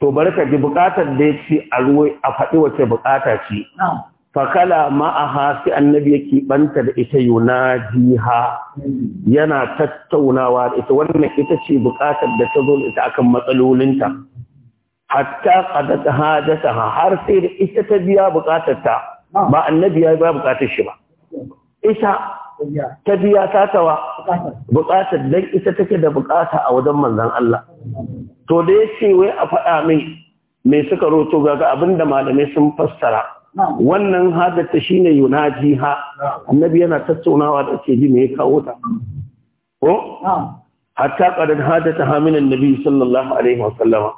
to bari ka ji buƙatar da ya ce a ruwa a faɗi wace buƙata ce fakala ma'aha sai annabi yake ɓanta da ita yunajiha yana tattaunawa da ita wannan ita ce buƙatar da ta zo da ita akan matsalolinta hatta qadat hajataha har sai da ita ta biya buƙatar ta ba annabi ya ba buƙatar shi ba ita ta biya ta tawa buƙatar dan ita take da buƙata a wajen manzon Allah to da ya ce wai a faɗa mai mai suka roto gaga abinda malamai sun fassara wannan hadata shine yunaji ha annabi yana tattaunawa da ke ji me ya kawo ta ko hatta qadad hadata ha min annabi sallallahu alaihi wa sallama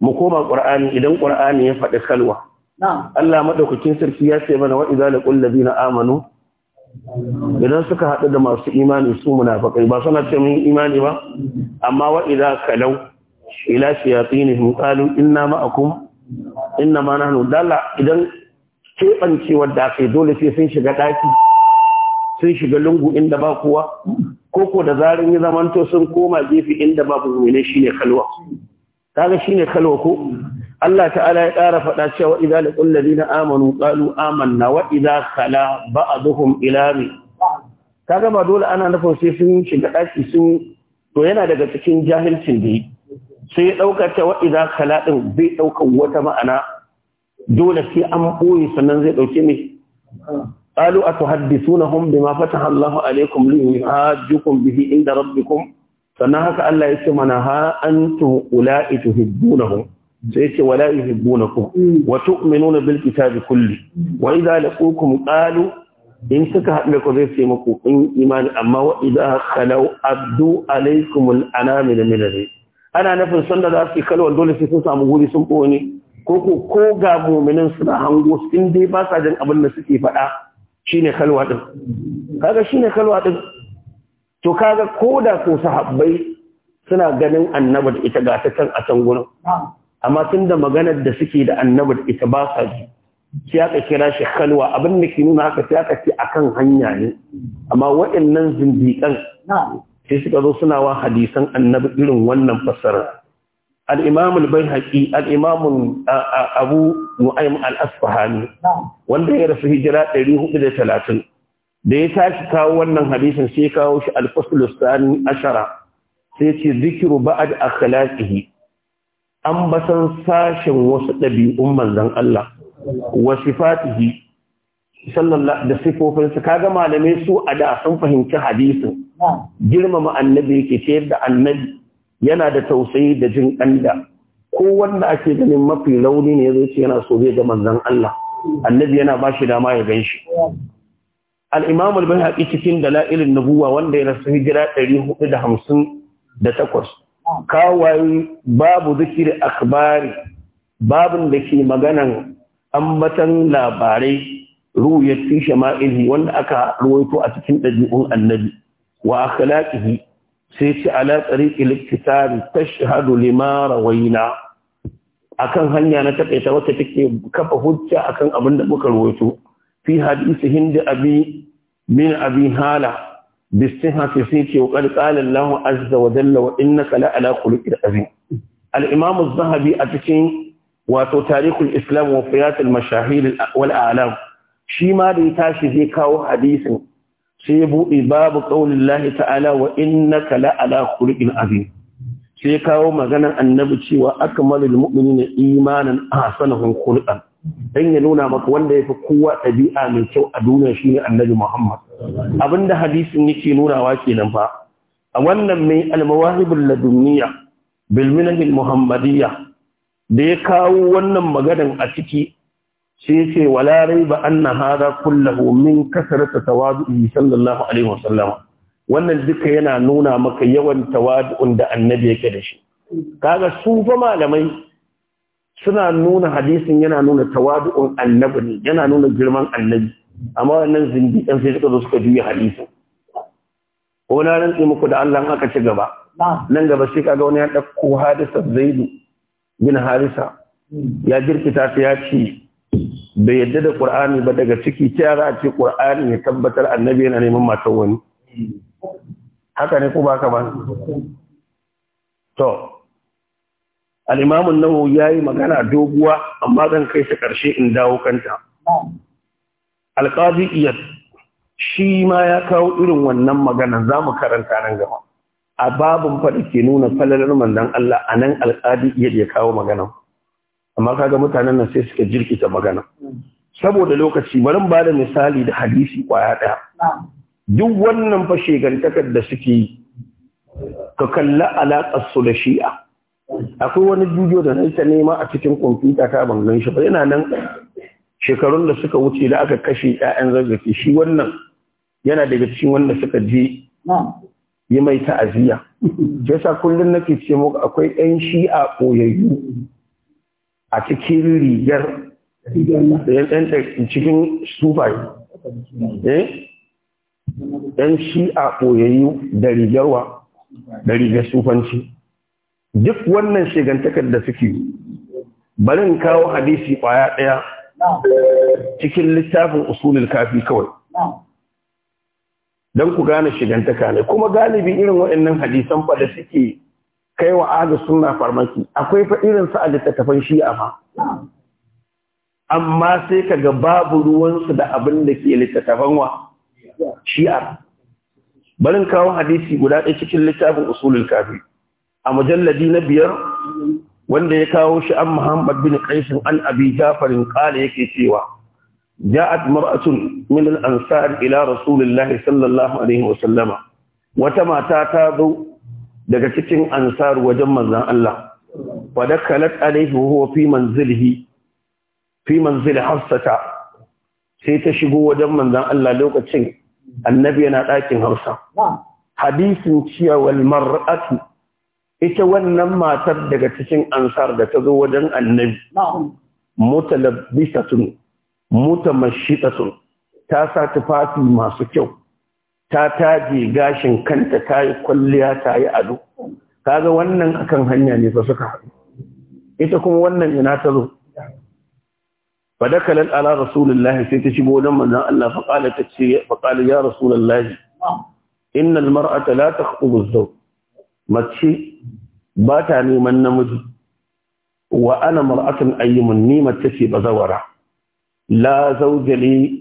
mu koma qur'ani idan qur'ani ya faɗi kalwa Allah madaukakin sarki ya ce mana wa idza laqul na amanu idan suka haɗu da masu imani su munafakai ba suna ce mun imani ba amma wa idza kalau ila shayatinihim qalu inna ma'akum inna ma nahnu dalla idan keɓancewar da aka dole sai sun shiga ɗaki sun shiga lungu inda ba kowa koko da zarin ya zamanto sun koma gefe inda babu mene shine kalwa kaga shine kalwa ko Allah ta'ala ya ƙara faɗa cewa idza laqul ladina amanu ƙalu, amanna wa kala khala ba'dhum ila mi dole ana nufin sai sun shiga daki sun to yana daga cikin jahilcin da sai ya dauka ta wa idza khala din wata ma'ana dole sai an boye sannan zai ɗauki ne qalu atuhaddisunahum bima fataha Allahu alaykum hajjukun bihi inda rabbikum sannan haka Allah ya ce mana ha antum ula'i tuhibbunahum sai ce wala kum wa tu'minuna bil kitabi kulli wa idha laqukum qalu in suka haɗu da zai ce muku in imani amma wa idha khalau abdu alaikum al anamil min ana nufin sanda za su kalwa dole sai sun samu guri sun ɓone ko ko ko ga mu'minin suna hango in dai ba sa jin abin da suke faɗa shine kalwa din kaga shine kalwa din to kaga koda da ko sahabbai suna ganin annabi da ita ga ta can a can gurin amma tun da maganar da suke da annabar ita ba sa ji sai aka kira shi kalwa abin da ke nuna haka sai aka ce akan hanya ne amma waɗannan zindiƙan sai suka zo suna wa hadisan annabi irin wannan fasara al-imam al-baihaqi al abu nu'aym al-asfahani wanda ya rasu hijira 430 da ya tashi kawo wannan hadisin sai kawo shi al-fasl ashara sai ce zikru ba'd akhlaqihi an basan sashen wasu ɗabi'un manzan Allah wa fatihi sallallahu da ka kaga malamai su a da sun fahimci hadisin girmama annabi ke ce da annabi yana da tausayi da jin ƙanda ko wanda ake ganin mafi rauni ne zai ce yana so zai ga manzan Allah annabi yana ba shi dama ya gan shi al-imam haƙi cikin cikin dalailin nabuwa wanda ya rasu hijira 458 kawai babu zikirin akhbari babin da ke maganan ambatan labarai ruwayar fi shama'ihi wanda aka ruwaito a cikin ɗabi'un annabi wa akhlaqihi sai ci ala tariqi liktisari tashhadu lima rawaina akan hanya na takaita wata take kafa hujja akan abin da muka ruwaito fi hadisi hindi abi min abi hala بالصحة سيتي وقد قال الله عز وجل وإنك لعلى خلق عظيم الإمام الذهبي أتكين وتاريخ الإسلام وفيات المشاهير والأعلام شيما ريتاشي ذيكاو حديث سيبو إباب قول الله تعالى وإنك لعلى خلق عظيم سيكاو مغانا النبتي وأكمل المؤمنين إيمانا أحسنهم خلقا إن ينونا مكوان يفقوا أبيئا من سوء دون شيء النبي محمد abinda hadisin yake nunawa kenan fa a wannan mai almawahibul ladunniya bil muhammadiyya da ya kawo wannan magadan a ciki sai ya larai wala raiba anna hada kullahu min kasarata tawadu'i sallallahu alaihi wasallam wannan duka yana nuna maka yawan tawadu'un da annabi yake da shi kaga su fa malamai suna nuna hadisin yana nuna tawadu'un annabi yana nuna girman annabi amma wannan zindiƙan sai suka zo suka juya hadisi ko na rantsi muku da Allah aka ci gaba nan gaba sai kaga wani ya dauko hadisa zaidu bin harisa ya jirkita ta ya ce bai yadda da qur'ani ba daga ciki ta yara ce qur'ani ya tabbatar annabi yana neman mata wani haka ne ko ba ka ba to al-imam an-nawawi yayi magana doguwa amma zan kai shi karshe in dawo kanta alƙazi iya shi ma ya kawo irin wannan magana za mu karanta nan gaba a babin faɗi ke nuna falalar mandan Allah a nan alƙazi iya ya kawo magana amma kaga mutanen nan sai suka jirkita magana saboda lokaci bari ba da misali da hadisi kwaya ɗaya duk wannan fa shegantakar da suke yi ka kalla alaƙar su da shi'a akwai wani bidiyo da na ta nema a cikin kwamfuta ta ban gan shi ba yana nan shekarun da suka wuce da aka kashe 'ya'yan zazzaki shi wannan yana daga cikin wanda suka je yi mai ta'aziyya sa kullum nake ce muku akwai ɗan a ɓoyayyu a cikin rigar ɗan cikin sufaye ɗan eh? shi'a ɓoyayyu da rigarwa da rigar sufanci duk wannan shigantakar da suke barin kawo hadisi ƙwaya ɗaya cikin littafin usulul kafi kawai don ku gane shigantaka ne kuma galibi irin waɗannan hadisan fa da suke kaiwa wa ahlus sunna farmaki akwai fa irin su a littattafan shi'a ma amma sai kaga babu ruwansu da abin da ke littattafan wa shi'a barin kawo hadisi guda ɗaya cikin littafin usulul kafi a mujalladi na biyar wanda ya kawo shi an Muhammad bin Qais an Abi ƙala qala yake cewa ja'at mar'atun min al-ansar ila Rasulillah sallallahu alaihi wa sallama wata mata ta zo daga cikin ansar wajen manzon Allah fa dakalat alaihi wa huwa fi manzilihi fi manzil Hafsata sai ta shigo wajen manzon Allah lokacin annabi yana ɗakin Hausa hadisin ciyawal mar'atu ita wannan matar daga cikin ansar da ta zo wajen annabi mutalabbisatun mutamashitatun ta sa tufafi masu kyau ta taje gashin kanta ta yi kwalliya ta yi ado kaga wannan akan hanya ne fa suka ita kuma wannan ina ta zo فدخلت على رسول الله في تشبو لما الله فقالت فقال يا رسول الله إن المرأة لا تخطب الزوج mace ba ta neman namiji wa ana mar'atun ayyimun ni mace ce bazawara la zaujali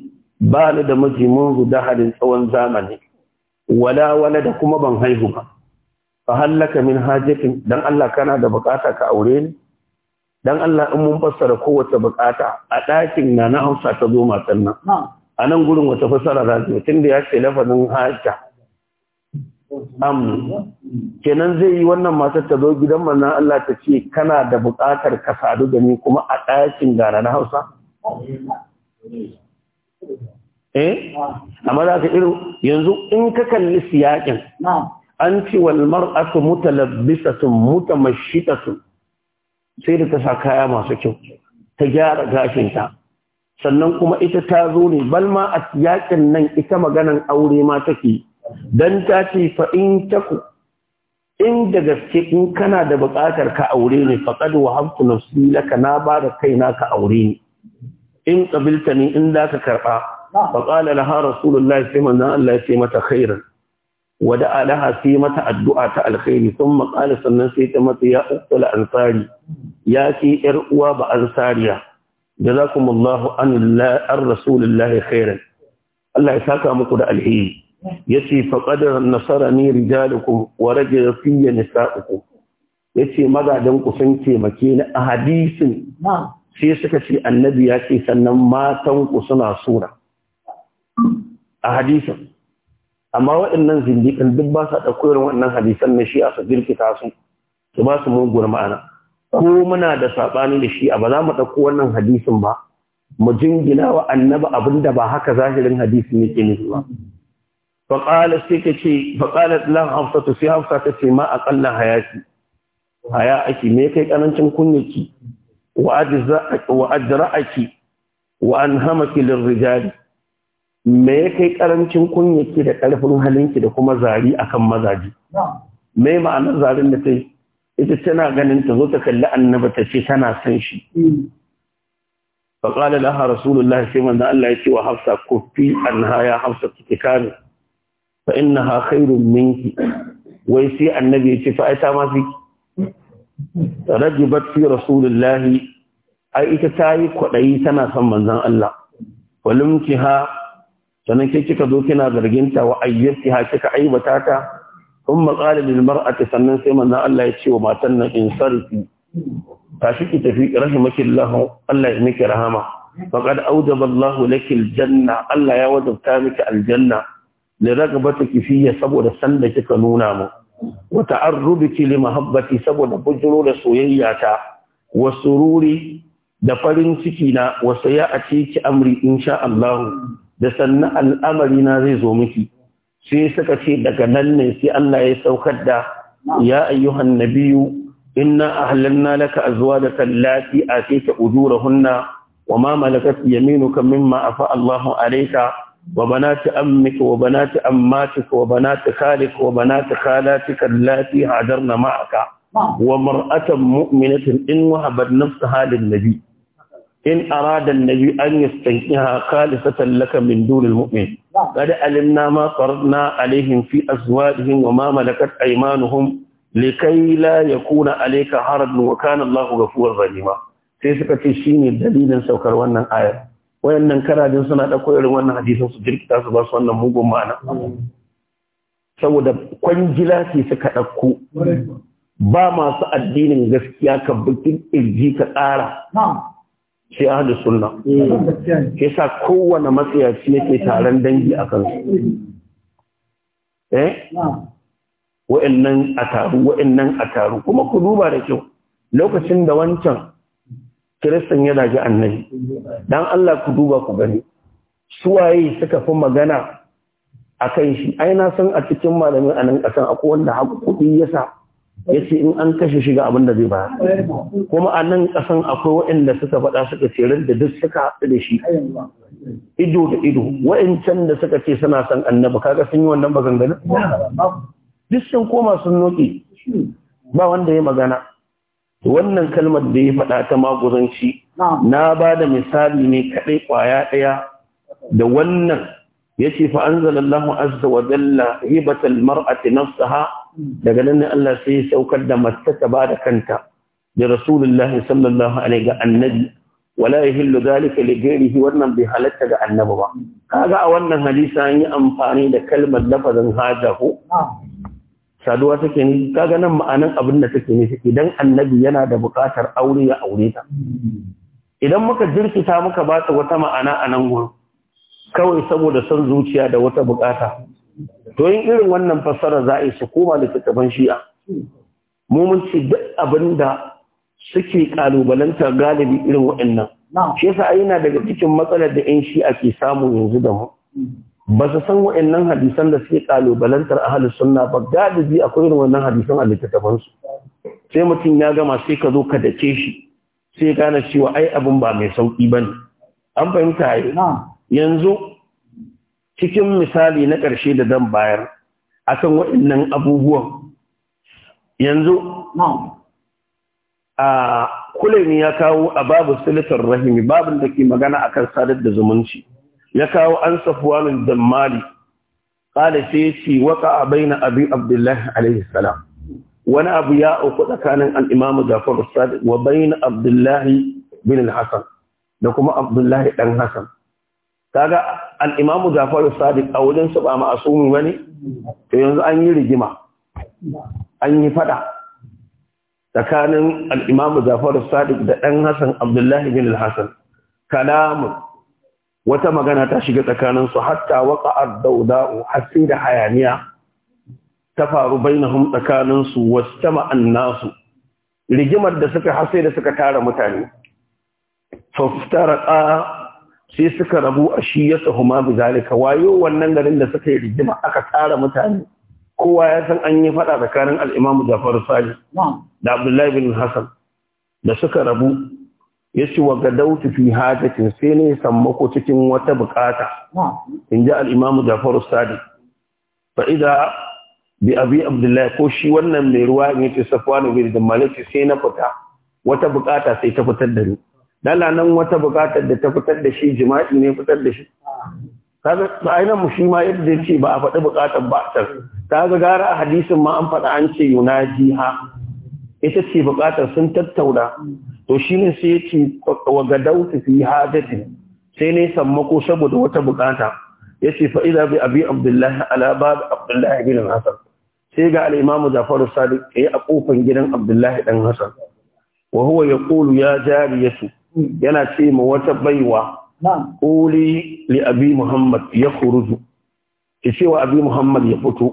ba ni da miji mun da halin tsawon zamani wala wala da kuma ban haihu ba fa hallaka min hajatin dan Allah kana da bukata ka aure ni dan Allah in mun fassara kowace bukata a ɗakin na na Hausa ta zo matan nan a nan gurin wata fassara za ta tunda ya ce lafazin haja amnu kenan zai yi wannan matar ta zo gidan manzon Allah ta ce kana da buƙatar ka sadu da ni kuma a ɗakin gana na Hausa eh amma za ka irin yanzu in ka kalli siyakin an ce wal mar'atu mutalabbisatun mutamashshitatun sai da ta sa kaya masu kyau ta gyara gashinta sannan kuma ita ta zo ne balma a siyakin nan ita maganan aure ma take dan ta ce fa taku in da gaske in kana da buƙatar ka aure ni faqad wahabtu su laka na ba da kaina ka aure ni in qabilta ne in za ka karɓa. fa qala laha rasulullahi sai manzon Allah ya mata khairan wada alaha sai mata addu'a ta alkhairi sun maƙala sannan sai ta mata ya uktula ansari ya ce ‘yar uwa ba ansariya da za ku Allah an rasulullahi khairan Allah ya saka muku da alheri yace nasara nasarani rijalukum wa rajul fi nisa'ukum yace magadan ku sun taimake ni a hadisin sai suka ce annabi ya sannan matan ku suna sura a hadisin amma waɗannan zindikan duk ba sa da irin wannan hadisan na shi'a su girkita su su ba su ma'ana ko muna da saɓani da shi'a ba za mu ɗauko wannan hadisin ba mu jingina wa annaba abin da ba haka zahirin hadisin yake nufi ba faƙala sai ka ce faƙala lan ta sai hafsa ta ce ma aƙalla haya ake me kai ƙarancin kunyaki wa ajra'aki wa an hamaki lirrijali me ya kai karancin kunyaki da karfin halinki da kuma zari akan mazaji me ma'anar zarin da yi ita tana ganin ta zo ta kalli annaba ta ce tana san shi fa laha rasulullahi sai manzo Allah ya ce wa hafsa kufi anha haya hafsa kike kare. fa innaha khairun minki wai sai annabi ya ce fa ai ta ma fi rajibat fi rasulillahi ai ita ta yi kwaɗayi tana son manzon Allah Walumki ha sannan ke kika zo kina zarginta wa ayyati ha kika aibata ta kuma qala lil mar'ati sannan sai manzon Allah ya ce wa matan nan in sarfi tashi ki tafi rahimaki Allah ya miki rahama faqad awjaba Allah laki janna. Allah ya wajabta miki aljanna da ragabata kifiyya saboda sanda kika nuna mu wa ta'arrubiki li mahabbati saboda bujuro da soyayyata. ta wa sururi da farin ciki na wa sayati ki amri insha Allah da sannan al'amari na zai zo miki sai suka ce daga nan ne sai Allah ya saukar da ya ayyuhan zuwa inna ahlanna a azwajaka allati atayka ujurahunna wa ma malakat yaminuka mimma afa Allahu alayka وبنات أمك وبنات أماتك وبنات خالك وبنات خالاتك اللاتي هاجرن معك ومرأة مؤمنة إن وهبت نفسها للنبي إن أراد النبي أن يستنكها خالصة لك من دون المؤمن قد علمنا ما فرضنا عليهم في أزواجهم وما ملكت أيمانهم لكي لا يكون عليك حرج وكان الله غفورا رحيما sai suka ce shine dalilin saukar wannan ayar wayannan karajin suna da irin wannan hadisin su jirkita su ba su wannan mugun ma'ana saboda kwangila ce suka ɗauko ba masu addinin gaskiya ka bukin irji ka tsara sai ahadu sunna ke sa kowane matsayaci yake taron dangi a kansu eh wa'annan a taru a taru kuma ku duba da kyau lokacin da wancan kiristan yana ji annabi dan Allah ku duba ku gani suwaye suka fi magana a kan shi ai na san a cikin malamin a nan ƙasan akwai wanda haƙuƙi ya sa ya ce in an kashe shiga abin da zai ba kuma a nan ƙasan akwai waɗanda suka faɗa suka cerar da duk suka haɗu da shi ido da ido waɗancan da suka ce suna son annabi kaga sun yi wannan maganganun duk sun koma sun noke ba wanda ya magana wannan kalmar da ya faɗa ta maguzanci na ba da misali ne kaɗai ƙwaya ɗaya da wannan ya ce fa'anzalallahu azza wa jalla hibatal mar'ati nafsaha daga nan Allah sai ya saukar da mace ta ba da kanta da rasulullahi sallallahu alaihi ga annabi wala yahillu zalika li ghairihi wannan bai halatta ga annabi ba kaga a wannan hadisi an yi amfani da kalmar lafazin hajahu saduwa take ni, kaga nan ma'anan abin da take ne idan annabi yana da buƙatar aure ya aure ta idan muka jirkita muka ba ta wata ma'ana a nan gurin kawai saboda son zuciya da wata buƙata to yin irin wannan fassara za a yi su koma littattafan shi'a mu mun ce duk abin da suke kalubalanta galibi irin waɗannan shi yasa yana daga cikin matsalar da 'yan shi'a ke samu yanzu da mu ba su san wa'annan hadisan da suke kalubalantar halin suna, ba galibi akwai irin wannan hadisan a littattafansu. sai mutum ya gama sai ka zo ka dace shi sai ya gane cewa ai abin ba mai sauƙi ba ne. an fahimta yi yanzu cikin misali na ƙarshe da zan bayar akan wa'annan abubuwan yanzu a kulaini ya kawo a babu silitar rahimi babin da ke magana a kan sadar da zumunci ya kawo an safwanin dammali qala sai ce waka baina abin abdullahi alaihi salam wani abu ya auku tsakanin al-imam Jafar sadiq wa baina abdullahi bin al da kuma abdullahi Ɗan Hassan. kaga ga imam Jafar sadiq a wajen su ba ma'asumi wani. to yanzu an yi rigima an yi fada tsakanin al’imamu imam Jafar sadiq da Ɗan Hassan abdullahi bin al hassan kalamun wata magana ta shiga tsakaninsu hatta waka da'uda'u, hasi da hayaniya ta faru bainahum tsakaninsu wastama annasu rigimar da suka hasi da suka tara mutane faftaraqa sai suka rabu ashiyatuhuma bizalika wayo wannan garin da suka yi rigima aka tara mutane kowa ya san an yi fada tsakanin al jafaru Ja'far Salih da Abdullahi bin Hassan da suka rabu yace wa gadautu fi hajatin sai ne sammako cikin wata bukata ji al-imam Ja'far Sadi, fa ida bi abi Abdullahi ko shi wannan mai ruwa ne ce Safwan bin Malik sai na fita wata bukata sai ta fitar da ni dala nan wata bukata da ta fitar da shi jima'i ne fitar da shi kaga ainihin mu shi ma yadda ya ce ba a faɗi bukatar ba ta kaga gara a hadisin ma an faɗa an ce yunajiha ita ce bukatar sun tattauna to ne sai yace wa gadautu fi hajati sai ne sammako saboda wata bukata yace fa idza bi abi abdullah ala bab abdullah bin hasan sai ga al-imamu jafaru sadiq yayi a kofan gidan abdullah dan hasan wa huwa yaqulu ya jariyatu yana ce ma wata baiwa quli li abi muhammad yakhruju ki ce wa abi muhammad ya fito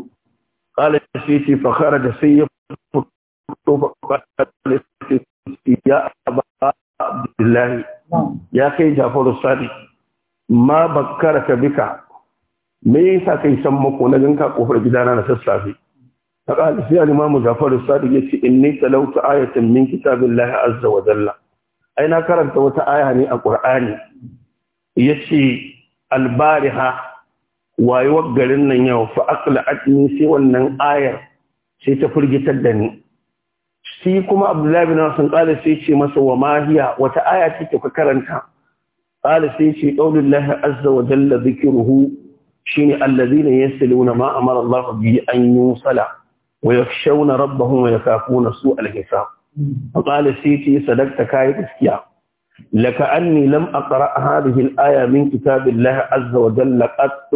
qala sai ce fa kharaja sai ya ya aba abdullahi ya kai jafaru sadi ma bakkara ka bika me yasa kai san mako na ganka kofar gidana na sassafe ta kali sai al-imam jafaru sadi yace inni talauta ayatan min kitabillahi azza wa jalla ai na karanta wata aya ne a qur'ani yace al-bariha wayewar garin nan yau fa aqla'atni sai wannan ayar sai ta firgitar da ni shi kuma abdullahi bin hasan qala sai ce masa wa mahiya wata aya take ka karanta qala sai ce qaulullahi azza wa jalla dhikruhu shine alladhina yasluna ma amara Allah bi an sala. wa yakhshawna rabbahum wa yakafuna su'al hisab qala sai ce sadakta kayi gaskiya laka anni lam aqra hadhihi al-aya min kitabillahi azza wa jalla qat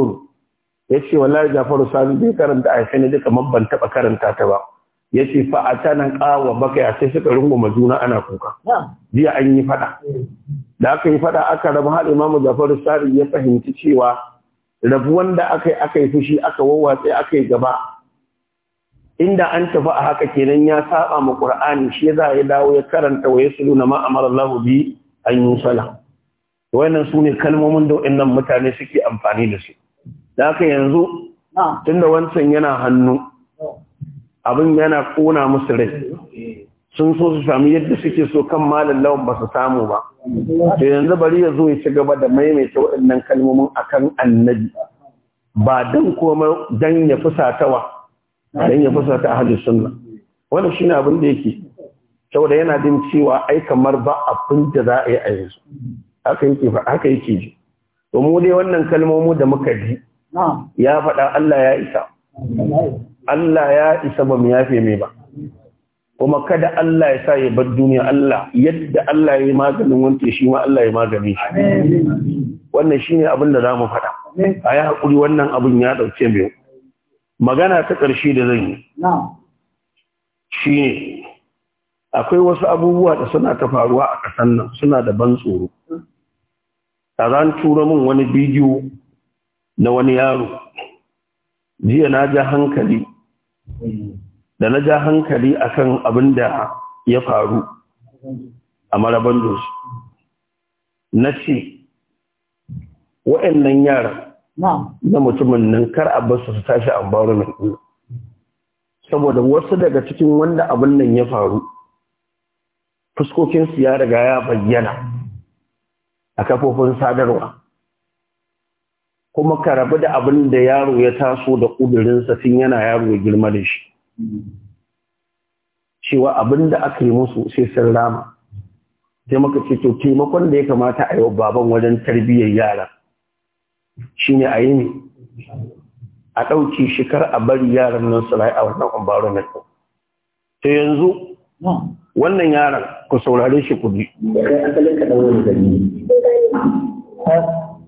yace wallahi Jafaru Sani bai karanta ayatan duka mabban ban karanta ta ba ya ce fa a canan kawo baka sai suka runguma juna ana kuka jiya an yi fada. da aka yi fada aka rabu har imamu jafar sari ya fahimci cewa rabuwan da aka yi aka yi fushi aka wawwatse aka yi gaba inda an tafi a haka kenan ya saba ma qur'ani shi za ya dawo ya karanta wa yasulu na ma amara Allah bi an yusala wannan sune kalmomin da wayannan mutane suke amfani da su da haka yanzu tunda wancan yana hannu abin yana kona musu rai sun so su sami yadda suke so kan malam lawan ba su samu ba da yanzu bari ya zo ya ci gaba da maimaita waɗannan kalmomin akan annabi ba dan don ya fusatawa don ya fusata ahli sunna shi abin da yake saboda yana jin cewa ai kamar ba abin da za a yi a yanzu haka yake ba haka yake ji to mu dai wannan kalmomin da muka ji ya faɗa Allah ya isa Allah ya isa ba mu yafe mai ba kuma kada Allah ya sa ya bar duniya Allah yadda Allah ya yi maganin wanke shi ma Allah ya magani shi wannan shine abin da zamu faɗa a yi haƙuri wannan abin ya ɗauke mai magana ta ƙarshe da zan yi shine akwai wasu abubuwa da suna ta faruwa a ƙasar nan suna da ban tsoro a ran tura min wani bidiyo na wani yaro jiya na ja hankali da na ja hankali akan abin da ya faru a maraban dosu na ce wa'annan yara na mutumin nan kar a basu su tashi a baro mai saboda wasu daga cikin wanda abin nan ya faru fuskokinsu ya riga ya bayyana a kafofin sadarwa kuma ka rabu da abin da yaro ya taso da ƙudurinsa tun yana yaro ya girma da shi cewa abin da aka yi musu sai sun rama sai maka ce to taimakon da ya kamata a yi wa baban wajen tarbiyyar yara shine a yi ne a ɗauki shekar a bari yaran nan su rayu a wannan environment to yanzu wannan yaran ku saurare shi kudi. asalin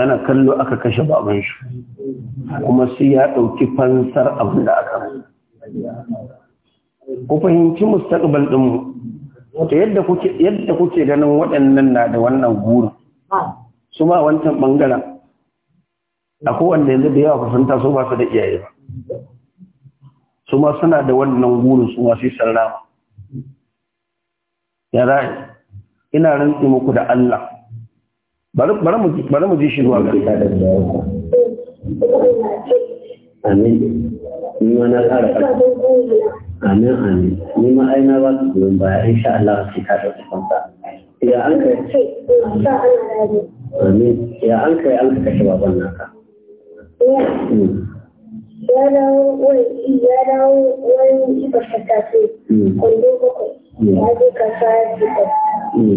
ana kallo aka kashe baban shi kuma sai ya ɗauki fansar abin da aka ku fahimci mustaqbal din mu ta yadda kuke yadda kuke ganin waɗannan na da wannan guri su ma wancan bangaren akwai wanda yanzu da yawa ku sun taso ba su da iyaye ba su ma suna da wannan guru su ma sai sallama ya ina rantsi muku da Allah bari mu ji shi zuwa amin amin ni ma ba su goyon baya Allah ya an kai amin ya an kai an kashe baban naka ya dawo wani ya dawo hmm. wani ibar bakwai hmm. ya ya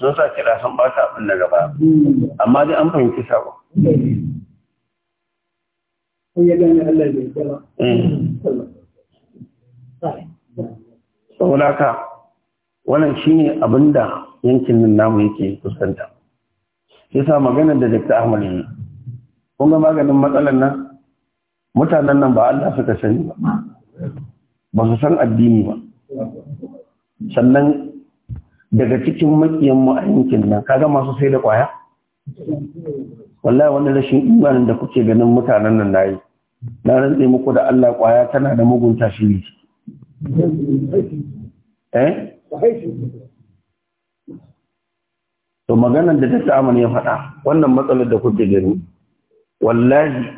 sun sa kira sun ba ta abin da gaba amma dai an fahimci sabon mm. saboda ka wannan shine abin da yankin nan namu yake fuskanta yasa maganar da Dr. Ahmad yi kun ga maganin matsalar nan mutanen nan ba Allah suka sani ba ba su san addini ba sannan daga cikin makiyan a yankin nan kaga masu sai da ƙwaya wallahi wannan rashin imanin da kuke ganin mutanen nan nayi na rantse muku da Allah ƙwaya tana da mugunta shi ne eh to maganar da Dr. Aman ya faɗa wannan matsalar da kuke gani wallahi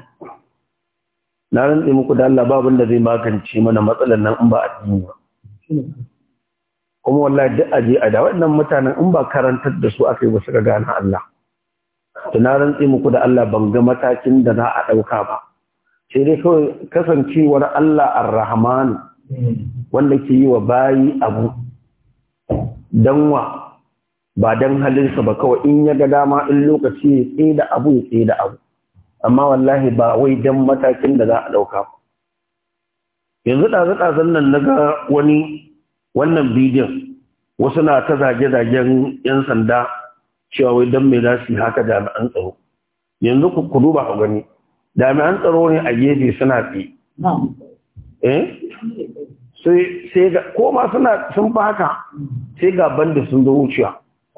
na rantse muku da Allah babin da zai magance mana matsalar nan in ba addini ba kuma wallahi duk aje a da waɗannan mutanen in ba karantar da su aka yi ba suka gane Allah tuna rantsi muku da Allah ban ga matakin da za a ɗauka ba sai dai kawai kasancewar Allah ar-Rahman wanda ke yi wa bayi abu danwa ba dan halinsa ba kawai in ya ga dama in lokaci ya da abu ya tsaye da abu amma wallahi ba wai dan matakin da za a ɗauka ba yanzu ɗazu-ɗazun nan na ga wani wannan bidiyon wasu na ta zage-zagen 'yan sanda cewa wai don mai za su yi haka jami'an tsaro yanzu ku duba ku gani jami'an tsaro ne a gefe suna fi. Eh? sai ko ma suna sun fa haka sai ga banda sun zo wuciya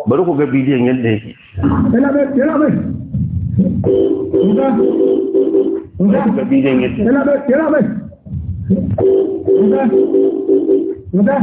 bari ku ga bidiyon yadda yake ga bidiyon yadda yake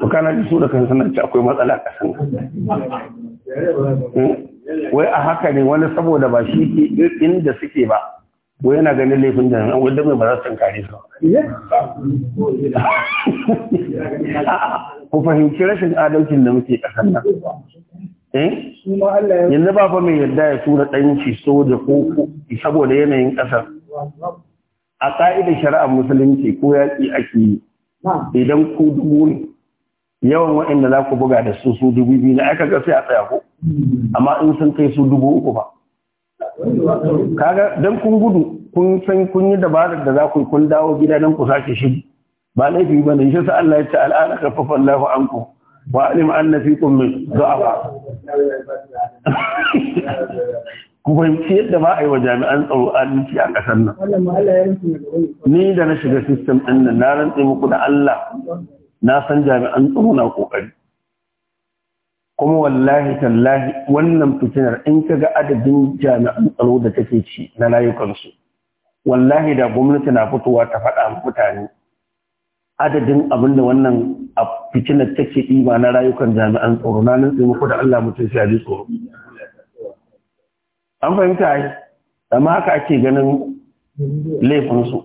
to kana ji su da kan sanar ci akwai matsala a kasan hmm? wai a haka ne wani saboda ba shi ke inda suke ba wai yana ganin laifin da nan wanda mai ba za su tankare su ku fahimci rashin adalcin da muke kasan nan hmm? yanzu ba fa mai yadda ya tura ɗanci soja ko saboda yanayin ƙasar a ƙa'idar shari'ar musulunci ko yaƙi ake yi idan ku dubu ne yawan waɗanda za ku buga da su su dubu biyu na aka gafi a tsaya ko amma in sun kai su dubu uku ba kaga dan kun gudu kun san kun yi dabarar da za ku kun dawo gida dan ku sake shi ba laifi ba ne shi sa Allah ya ce al'ana kafafa Allahu anku wa alim anna fikum min du'afa ku fahimci yadda ba a yi wa jami'an tsaro adalci a ƙasar nan ni da na shiga sistem ɗin nan na rantse muku da Allah na san jami'an tsaro na kokari kuma wallahi tallahi wannan fitinar in ka ga adadin jami'an tsaro da take ci na layukansu wallahi da gwamnati na fitowa ta faɗa mutane adadin abin da wannan fitinar take ɗiba na rayukan jami'an tsaro na nan muku da Allah mutum sai ji tsoro an fahimta ai amma haka ake ganin laifinsu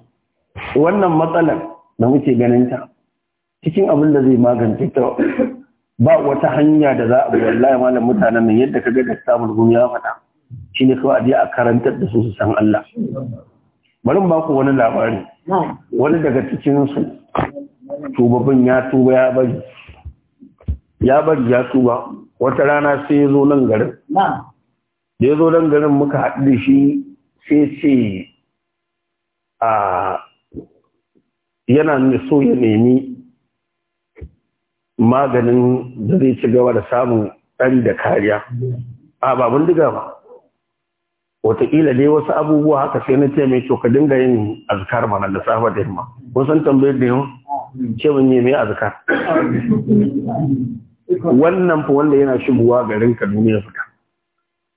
wannan matsalar da muke ganin ta cikin abin da zai magance ta ba wata hanya da za a bi wallahi malam mutanen nan yadda kaga da samun gumi ya fata shine kawai a je a karantar da su su san Allah bari ba ku wani labari wani daga cikin su tubabin ya tuba ya bari ya bari ya tuba wata rana sai ya zo nan garin da ya zo nan garin muka haɗu da shi sai ce a ah, yana so ya nemi maganin da zai ci gaba da samun ɗari da kariya a ba diga ba wataƙila dai wasu abubuwa haka sai na ce mai to ka dinga yin azkar mana da safa da yamma kun san tambayar da yau ce mun yi mai azkar wannan fa wanda yana shigowa garin Kaduna ya fita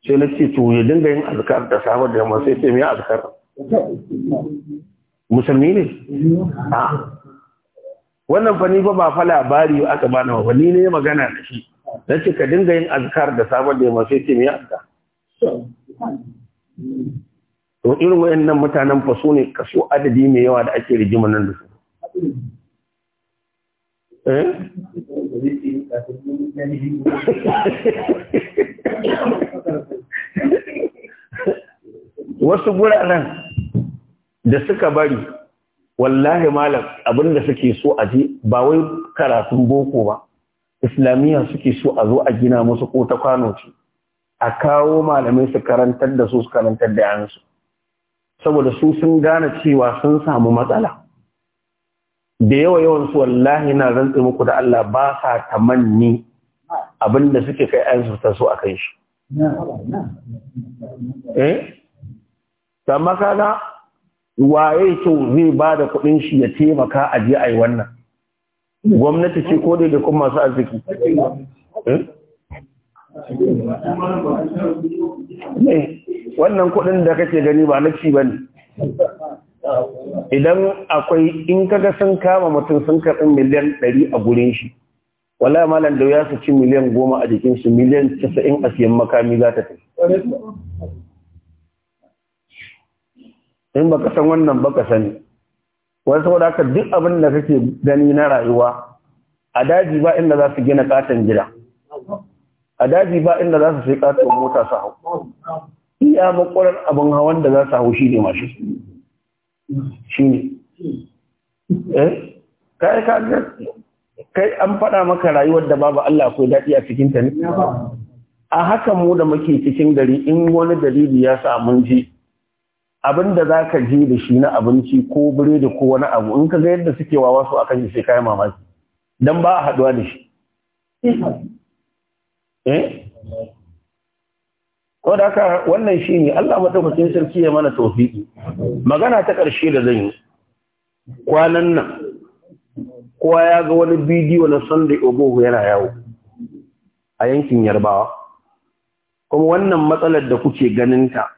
sai na ce to ya dinga yin azkar da safa da yamma sai ce mai azkar musulmi ne a wannan fa ni fa ba fa labari aka bani ba ni ne magana da shi nace ka dinga yin azkar da sabon da yamma sai ce me azka to irin wayannan mutanen fa su ne kaso adadi mai yawa da ake rigima nan da su eh? wasu guraren da suka bari wallahi malam abin suke so a je ba wai karatun boko ba islamiyya suke so a zo a gina musu ko ta kwano ce a kawo malamai su karantar da su su karantar da yansu saboda su sun gane cewa sun samu matsala da yawa yawan su wallahi na rantsi muku da Allah ba sa tamanni abin da suke kai yansu ta so a kai shi eh amma kaga waye so zai ba da kuɗin shi ya taimaka a je a yi wannan gwamnati ce ko dai da kuma masu arziki eh? wannan kuɗin da kake gani ba na ci ba ne idan akwai in kaga sun kama mutum sun karɓi miliyan ɗari a gurin shi wala malam da ya su ci miliyan goma a jikin shi miliyan casa'in a siyan makami za ta tafi in ka san wannan ba ka sani wani saboda haka duk abin da kake gani na rayuwa a daji ba inda za su gina katon gida a daji ba inda za su sai katon mota su hau iya makwarar abin hawan da za su hau shi ne mashi shi ne eh? kai ka kai an faɗa maka rayuwar da babu Allah akwai daɗi a cikin ta ne a haka mu da muke cikin gari in wani dalili ya sa mun ji abin da za ka je da shi na abinci ko biredi ko wani abu in ka ga yadda suke wa wasu akan shi sai kayan mamaki don ba a haɗuwa da shi eh da haka wannan shi ne Allah maɗaukacin sarki ya mana tofiki magana ta ƙarshe da zan yi kwanan nan kowa ya ga wani bidiyo na sunday ogogo yana yawo a yankin yarbawa kuma wannan matsalar da kuke ganin ta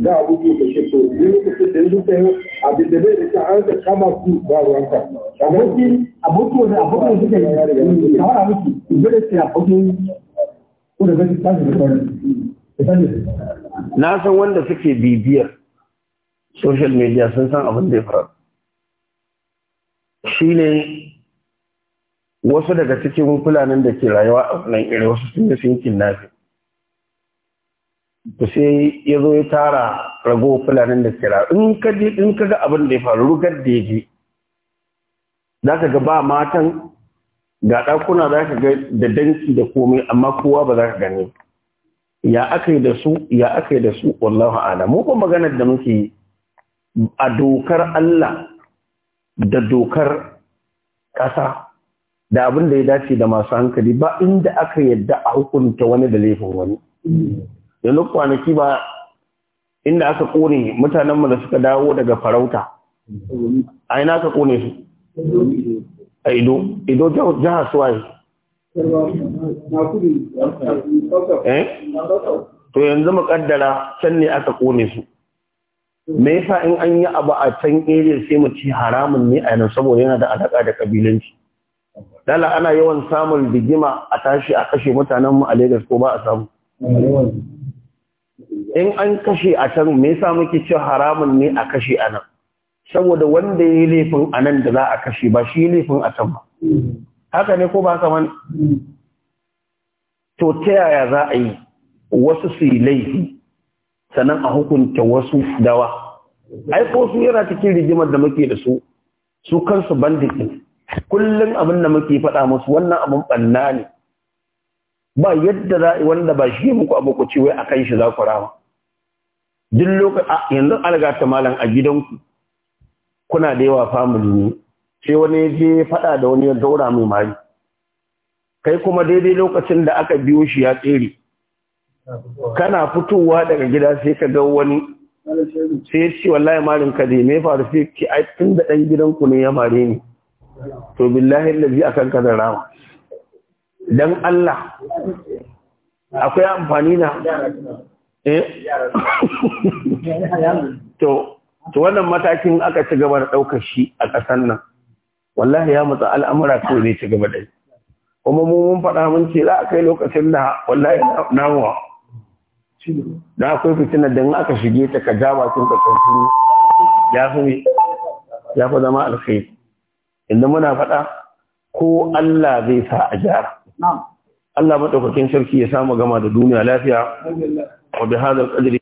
da abubuwa da shi to ni lokacin da yanzu ta yi abin da bai da an ta kama su ba ruwanka abokin abokin da abokin suka yi kamar a miki ibi da ya abokin ko da zai tashi da kawai na san wanda suke bibiyar social media sun san abin da ya faru shi ne wasu daga cikin kulanan da ke rayuwa a wannan irin wasu sun yi sinkin nafi. sai ya zo ya tara rago fulanin da kira in ka in ka ga abin da ya faru rugar da ya je za ka ga ba matan ga ɗakuna za ka ga da danki da komai amma kowa ba za ka gani ya aka yi da su ya aka yi da su wallahu ala mu ba maganar da muke a dokar Allah da dokar ƙasa da abin da ya dace da masu hankali ba inda aka yadda a hukunta wani da laifin wani da duk kwanaki ba inda aka kone mutanenmu da suka dawo daga farauta a ina aka kone su a ido ido jihar suwaye eh? to yanzu makaddara can ne aka kone su me yasa in an yi abu a can area sai mu ci haramun ne a nan saboda yana da alaka da kabilanci dala ana yawan samun rigima a tashi a kashe mutanen mu a Lagos ko ba a samu in an kashe a can me yasa muke cewa haramun ne a kashe a nan saboda wanda ya yi laifin a nan da za a kashe ba shi laifin a can ba haka ne ko ba haka man to ta yaya za a yi wasu su yi laifi sannan a hukunta wasu dawa ai ko su yana cikin rigimar da muke da su su kansu banditin kullum abin da muke faɗa musu wannan abin ɓanna ne ba yadda za a yi wanda ba shi muku abu ku wai a kan shi za ku rama duk lokacin yanzu algata ta malam a gidanku kuna da yawa family ne sai wani je faɗa da wani ya daura mai mari kai kuma daidai lokacin da aka biyo shi ya tsere kana fitowa daga gida sai ka ga wani sai shi wallahi marin ka dai me faru sai ki ai tun da dan gidanku ne ya mare ni to billahi allazi akan ka da dan Allah akwai amfani na Eh? to to wannan matakin aka ci gaba da daukar shi a ƙasar nan wallahi ya mutsa al'amura ko zai ci gaba da shi kuma mu mun faɗa mun ce za a kai lokacin da wallahi namuwa da akwai fitina da aka shige ta ka jaba bakin ka ya fi ya fi zama alkhairi inda muna faɗa ko Allah zai sa a jara Allah maɗaukakin sarki ya samu gama da duniya lafiya وبهذا القدر